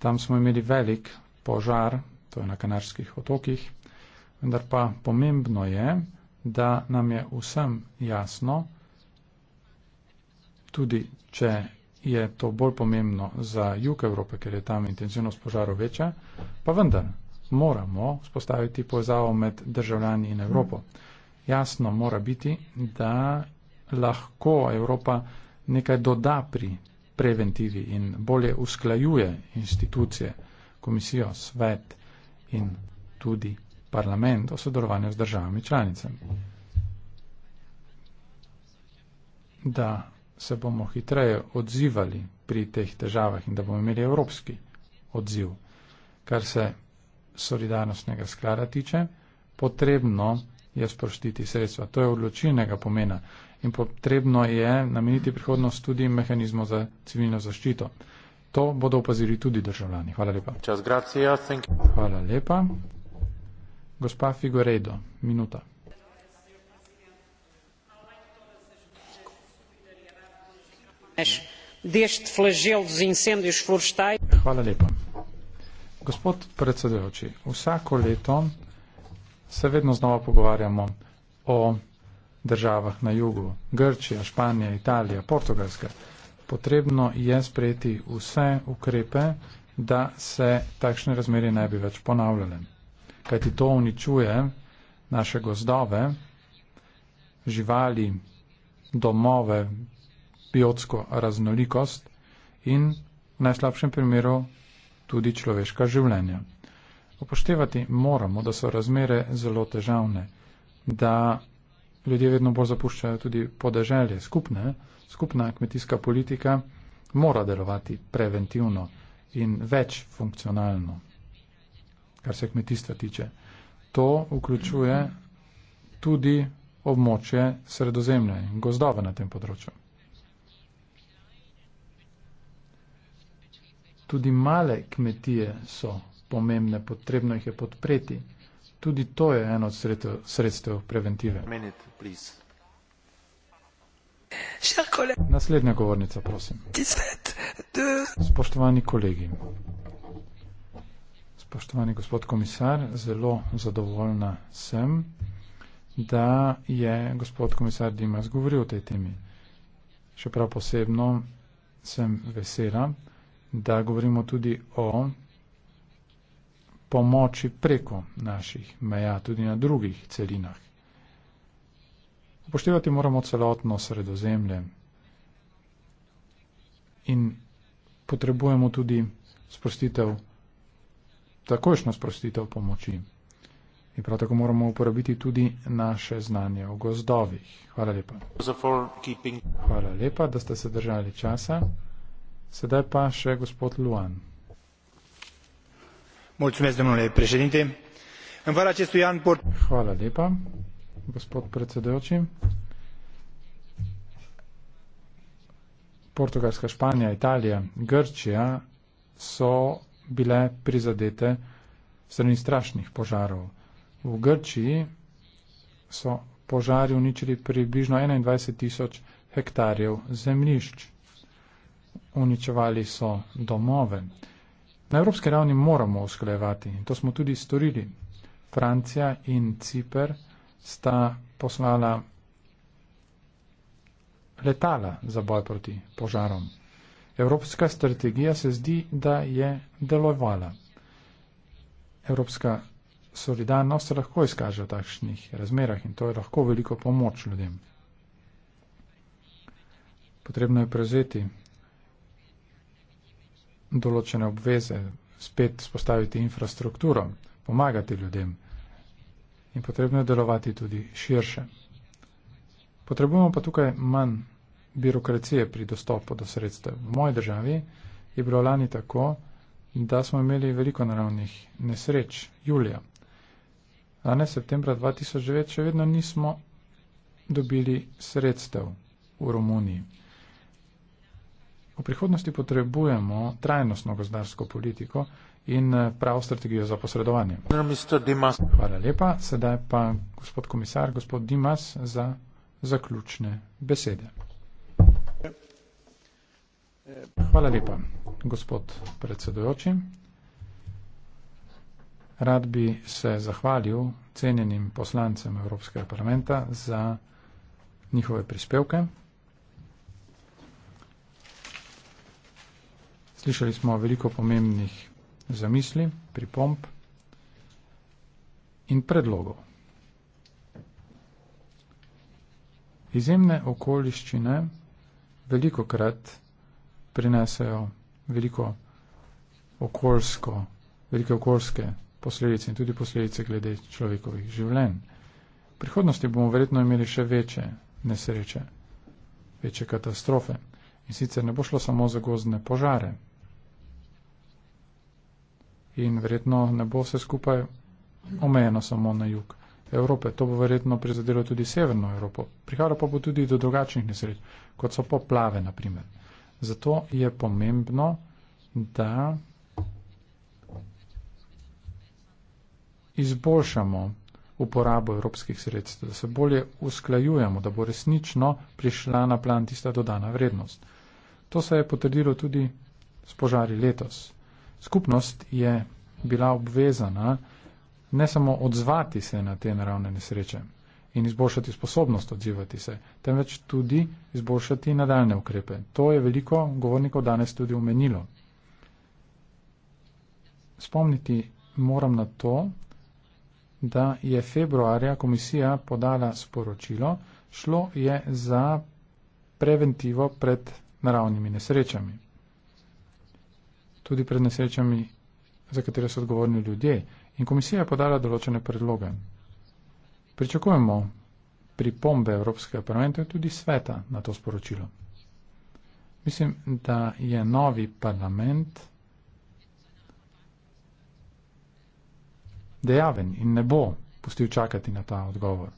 Tam smo imeli velik požar, to je na Kanarskih otokih, vendar pa pomembno je, da nam je vsem jasno, tudi če je to bolj pomembno za jug Evrope, ker je tam intenzivnost požarov večja, pa vendar moramo spostaviti povezavo med državljani in Evropo. Jasno mora biti, da lahko Evropa nekaj doda pri preventivi in bolje usklajuje institucije, komisijo, svet in tudi parlament o sodelovanju z državami članicami. Da se bomo hitreje odzivali pri teh težavah in da bomo imeli evropski odziv. Kar se solidarnostnega sklada tiče, potrebno je sproštiti sredstva. To je odločilnega pomena in potrebno je nameniti prihodnost tudi mehanizmu za civilno zaščito. To bodo opazili tudi državljani. Hvala lepa. Hvala lepa. Gospa Figoredo, minuta. deste flagel dos incêndios florestais. Hvala lepa. Gospod predsedujoči, vsako leto se vedno znova pogovarjamo o državah na jugu, Grčija, Španija, Italija, Portugalska. Potrebno je sprejeti vse ukrepe, da se takšne razmerje ne bi več ponavljale. Kajti to uničuje naše gozdove, živali, domove, biotsko raznolikost in v najslabšem primeru tudi človeška življenja. Upoštevati moramo, da so razmere zelo težavne, da ljudje vedno bolj zapuščajo tudi podeželje. Skupne, skupna kmetijska politika mora delovati preventivno in več funkcionalno, kar se kmetijstva tiče. To vključuje tudi območje sredozemlja in gozdove na tem področju. Tudi male kmetije so pomembne, potrebno jih je podpreti. Tudi to je eno od sredstev, sredstev preventive. Naslednja govornica, prosim. Spoštovani kolegi, spoštovani gospod komisar, zelo zadovoljna sem, da je gospod komisar Dimas govoril o tej temi. Še prav posebno sem vesela, da govorimo tudi o pomoči preko naših meja, tudi na drugih celinah. Upoštevati moramo celotno sredozemlje in potrebujemo tudi sprostitev, takošno sprostitev pomoči. In prav tako moramo uporabiti tudi naše znanje o gozdovih. Hvala lepa. Hvala lepa, da ste se držali časa. Sedaj pa še gospod Luan. Mulțumesc, domnule președinte. În vara acestui an port... Hvala lepa, gospod predsedeoči. Portugalska, Španija, Italija, Grčija so bile prizadete strani strašnih požarov. V Grčiji so požari uničili približno 21 tisoč hektarjev zemljišč uničevali so domove. Na evropske ravni moramo usklejevati in to smo tudi storili. Francija in Cipr sta poslala letala za boj proti požarom. Evropska strategija se zdi, da je delovala. Evropska solidarnost se lahko izkaže v takšnih razmerah in to je lahko veliko pomoč ljudem. Potrebno je prevzeti določene obveze, spet spostaviti infrastrukturo, pomagati ljudem in potrebno je delovati tudi širše. Potrebujemo pa tukaj manj birokracije pri dostopu do sredstev. V moji državi je bilo lani tako, da smo imeli veliko naravnih nesreč, julija. Danes, septembra 2009, še vedno nismo dobili sredstev v Romuniji. V prihodnosti potrebujemo trajnostno gozdarsko politiko in eh, pravo strategijo za posredovanje. Hvala lepa. Sedaj pa gospod komisar, gospod Dimas za zaključne besede. Hvala lepa, gospod predsedujoči. Rad bi se zahvalil cenjenim poslancem Evropskega parlamenta za njihove prispevke. Slišali smo veliko pomembnih zamisli, pripomp in predlogov. Izjemne okoliščine veliko krat prinesejo veliko okoljsko, velike okoljske posledice in tudi posledice glede človekovih življenj. V prihodnosti bomo verjetno imeli še večje nesreče, večje katastrofe. In sicer ne bo šlo samo za gozdne požare, in verjetno ne bo vse skupaj omejeno samo na jug Evrope. To bo verjetno prizadelo tudi severno Evropo. Prihajalo pa bo tudi do drugačnih nesreč, kot so poplave, naprimer. Zato je pomembno, da izboljšamo uporabo evropskih sredstev, da se bolje usklajujemo, da bo resnično prišla na plan tista dodana vrednost. To se je potrdilo tudi s požari letos skupnost je bila obvezana ne samo odzvati se na te naravne nesreče in izboljšati sposobnost odzivati se, temveč tudi izboljšati nadaljne ukrepe. To je veliko govornikov danes tudi omenilo. Spomniti moram na to, da je februarja komisija podala sporočilo, šlo je za preventivo pred naravnimi nesrečami tudi pred nesrečami, za katere so odgovorni ljudje. In komisija je podala določene predloge. Pričakujemo pripombe Evropskega parlamenta in tudi sveta na to sporočilo. Mislim, da je novi parlament dejaven in ne bo pustil čakati na ta odgovor.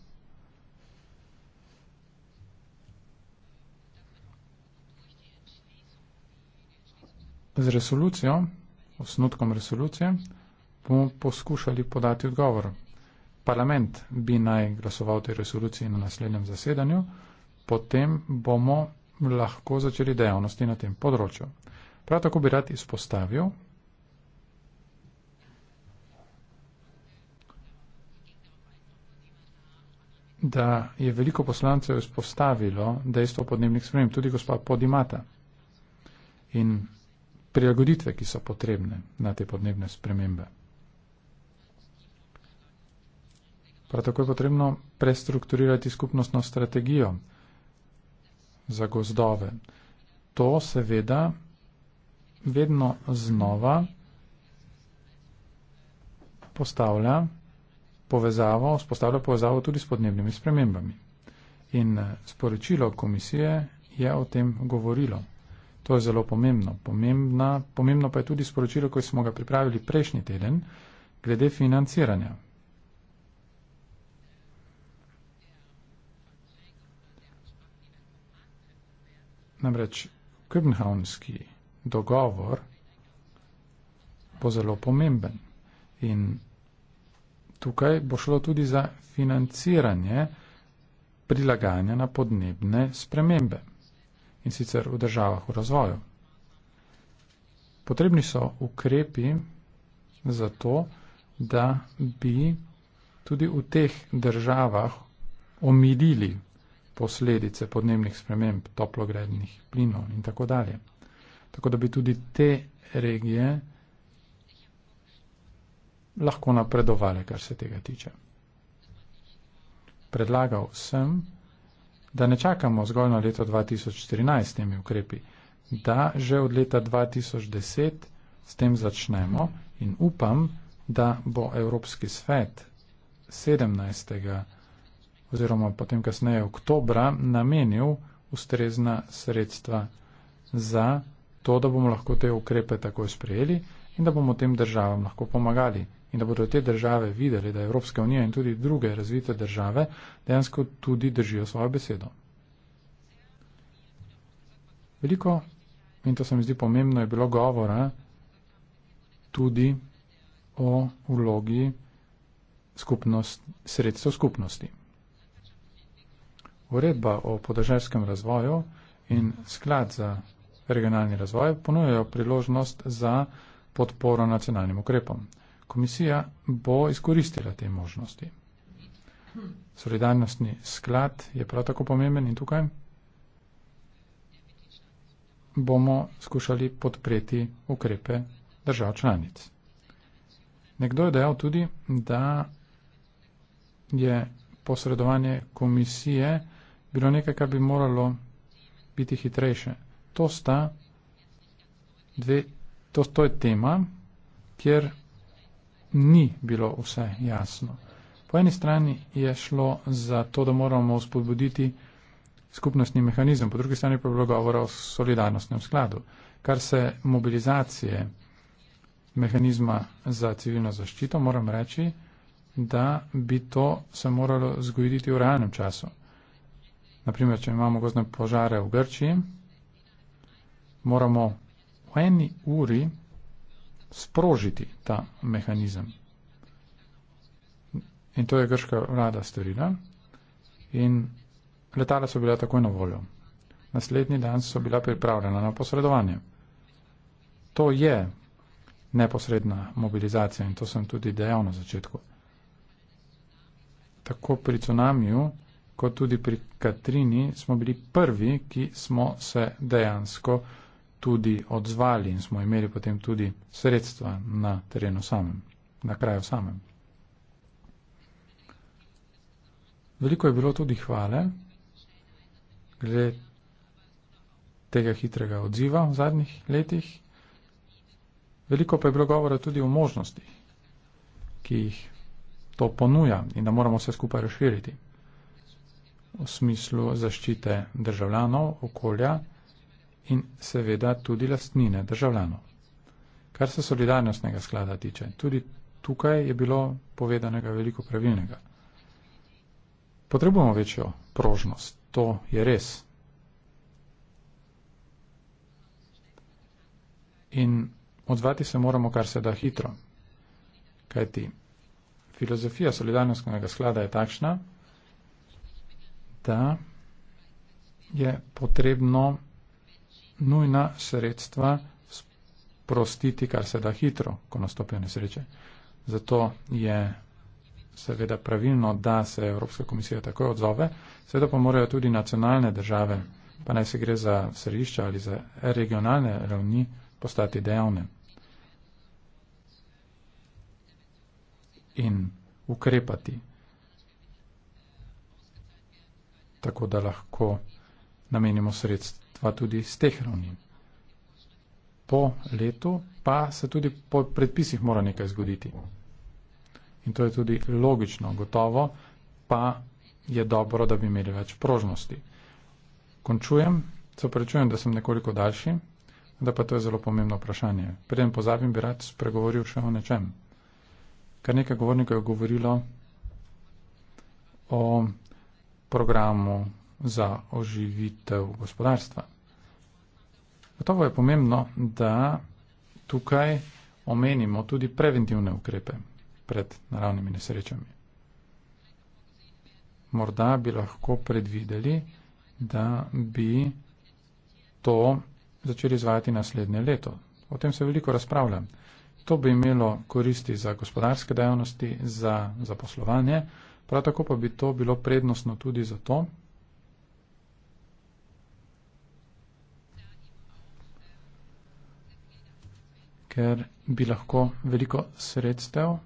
z resolucijo, osnutkom resolucije, bomo poskušali podati odgovor. Parlament bi naj glasoval tej resoluciji na naslednjem zasedanju, potem bomo lahko začeli dejavnosti na tem področju. Prav tako bi rad izpostavil, da je veliko poslancev izpostavilo dejstvo podnebnih sprememb, tudi gospod Podimata. In prilagoditve, ki so potrebne na te podnebne spremembe. Prav tako je potrebno prestrukturirati skupnostno strategijo za gozdove. To seveda vedno znova postavlja povezavo, spostavlja povezavo tudi s podnebnimi spremembami. In sporočilo komisije je o tem govorilo. To je zelo pomembno. Pomembna, pomembno pa je tudi sporočilo, ko smo ga pripravili prejšnji teden, glede financiranja. Namreč Köbenhavnski dogovor bo zelo pomemben in tukaj bo šlo tudi za financiranje prilagajanja na podnebne spremembe in sicer v državah v razvoju. Potrebni so ukrepi za to, da bi tudi v teh državah omilili posledice podnebnih sprememb, toplogrednih plinov in tako dalje. Tako da bi tudi te regije lahko napredovali, kar se tega tiče. Predlagal sem, da ne čakamo zgolj na leto 2014 s temi ukrepi, da že od leta 2010 s tem začnemo in upam, da bo Evropski svet 17. oziroma potem kasneje oktobra namenil ustrezna sredstva za to, da bomo lahko te ukrepe takoj sprejeli in da bomo tem državam lahko pomagali in da bodo te države videli, da Evropska unija in tudi druge razvite države dejansko tudi držijo svojo besedo. Veliko, in to se mi zdi pomembno, je bilo govora tudi o vlogi skupnost, sredstev skupnosti. Uredba o podeželskem razvoju in sklad za regionalni razvoj ponujajo priložnost za podporo nacionalnim ukrepom. Komisija bo izkoristila te možnosti. Solidarnostni sklad je prav tako pomemben in tukaj bomo skušali podpreti ukrepe držav članic. Nekdo je dejal tudi, da je posredovanje komisije bilo nekaj, kar bi moralo biti hitrejše. To, sta dve, to, to je tema, kjer ni bilo vse jasno. Po eni strani je šlo za to, da moramo spodbuditi skupnostni mehanizem, po drugi strani pa je bilo govora o solidarnostnem skladu. Kar se mobilizacije mehanizma za civilno zaščito, moram reči, da bi to se moralo zgoditi v realnem času. Naprimer, če imamo gozne požare v Grčiji, moramo v eni uri sprožiti ta mehanizem. In to je grška vlada storila. In letala so bila takoj na voljo. Naslednji dan so bila pripravljena na posredovanje. To je neposredna mobilizacija in to sem tudi dejal na začetku. Tako pri tsunamiju, kot tudi pri Katrini smo bili prvi, ki smo se dejansko mobilizirali tudi odzvali in smo imeli potem tudi sredstva na terenu samem, na kraju samem. Veliko je bilo tudi hvale glede tega hitrega odziva v zadnjih letih. Veliko pa je bilo govora tudi o možnostih, ki jih to ponuja in da moramo vse skupaj razširiti v smislu zaščite državljanov, okolja in seveda tudi lastnine državljanov. Kar se solidarnostnega sklada tiče, tudi tukaj je bilo povedanega veliko pravilnega. Potrebujemo večjo prožnost, to je res. In odzvati se moramo kar se da hitro. Kajti filozofija solidarnostnega sklada je takšna, da je potrebno nujna sredstva sprostiti, kar se da hitro, ko nastopijo nesreče. Zato je seveda pravilno, da se Evropska komisija takoj odzove, seveda pa morajo tudi nacionalne države, pa naj se gre za središča ali za regionalne ravni, postati dejavne. In ukrepati, tako da lahko namenimo sredstva pa tudi z teh ravni. Po letu pa se tudi po predpisih mora nekaj zgoditi. In to je tudi logično, gotovo pa je dobro, da bi imeli več prožnosti. Končujem, se prečujem, da sem nekoliko daljši, da pa to je zelo pomembno vprašanje. Preden pozabim, bi rad spregovoril še o nečem. Kar nekaj govornikov je govorilo o programu za oživitev gospodarstva. Gotovo je pomembno, da tukaj omenimo tudi preventivne ukrepe pred naravnimi nesrečami. Morda bi lahko predvideli, da bi to začeli izvajati naslednje leto. O tem se veliko razpravljam. To bi imelo koristi za gospodarske dejavnosti, za zaposlovanje, prav tako pa bi to bilo prednostno tudi zato, ker bi lahko veliko sredstev,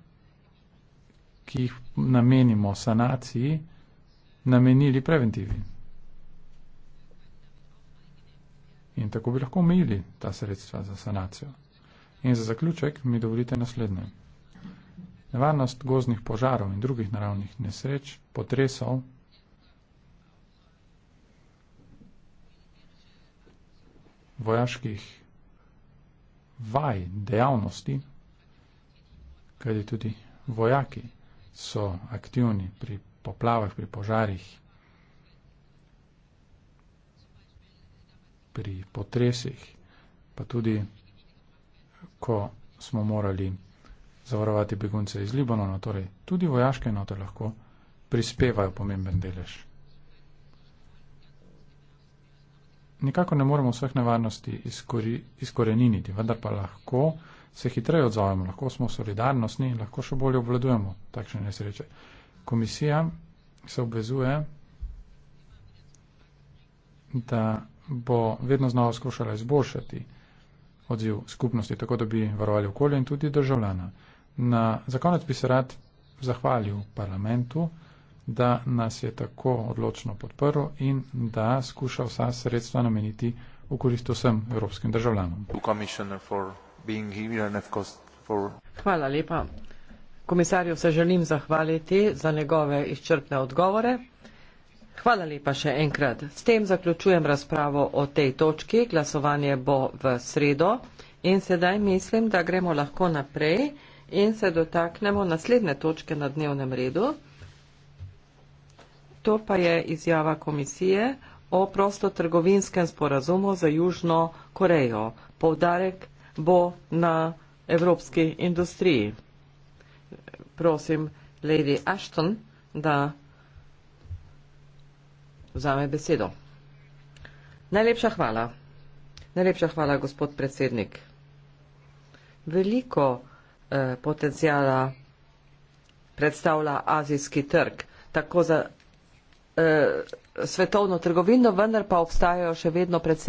ki jih namenimo sanaciji, namenili preventivi. In tako bi lahko omejili ta sredstva za sanacijo. In za zaključek mi dovolite naslednje. Nevarnost gozdnih požarov in drugih naravnih nesreč, potresov, vojaških vaj, dejavnosti, kajti tudi vojaki so aktivni pri poplavah, pri požarih, pri potresih, pa tudi, ko smo morali zavarovati begunce iz Libanona, torej tudi vojaške note lahko prispevajo pomemben delež. nikako ne moremo vseh nevarnosti izkori, izkoreniniti, vendar pa lahko se hitreje odzovemo, lahko smo solidarnostni in lahko še bolje obvladujemo takšne nesreče. Komisija se obvezuje, da bo vedno znova skušala izboljšati odziv skupnosti, tako da bi varovali okolje in tudi državljana. Na zakonec bi se rad zahvalil parlamentu da nas je tako odločno podprl in da skuša vsa sredstva nameniti v korist vsem evropskim državljanom. Hvala lepa. Komisarju se želim zahvaliti za njegove izčrpne odgovore. Hvala lepa še enkrat. S tem zaključujem razpravo o tej točki. Glasovanje bo v sredo in sedaj mislim, da gremo lahko naprej in se dotaknemo naslednje točke na dnevnem redu. To pa je izjava komisije o prostotrgovinskem sporazumu za Južno Korejo. Povdarek bo na evropski industriji. Prosim, Lady Ashton, da vzame besedo. Najlepša hvala. Najlepša hvala, gospod predsednik. Veliko eh, potencijala predstavlja azijski trg, tako za Eh, svetovno trgovino vendar pa obstajajo še vedno precej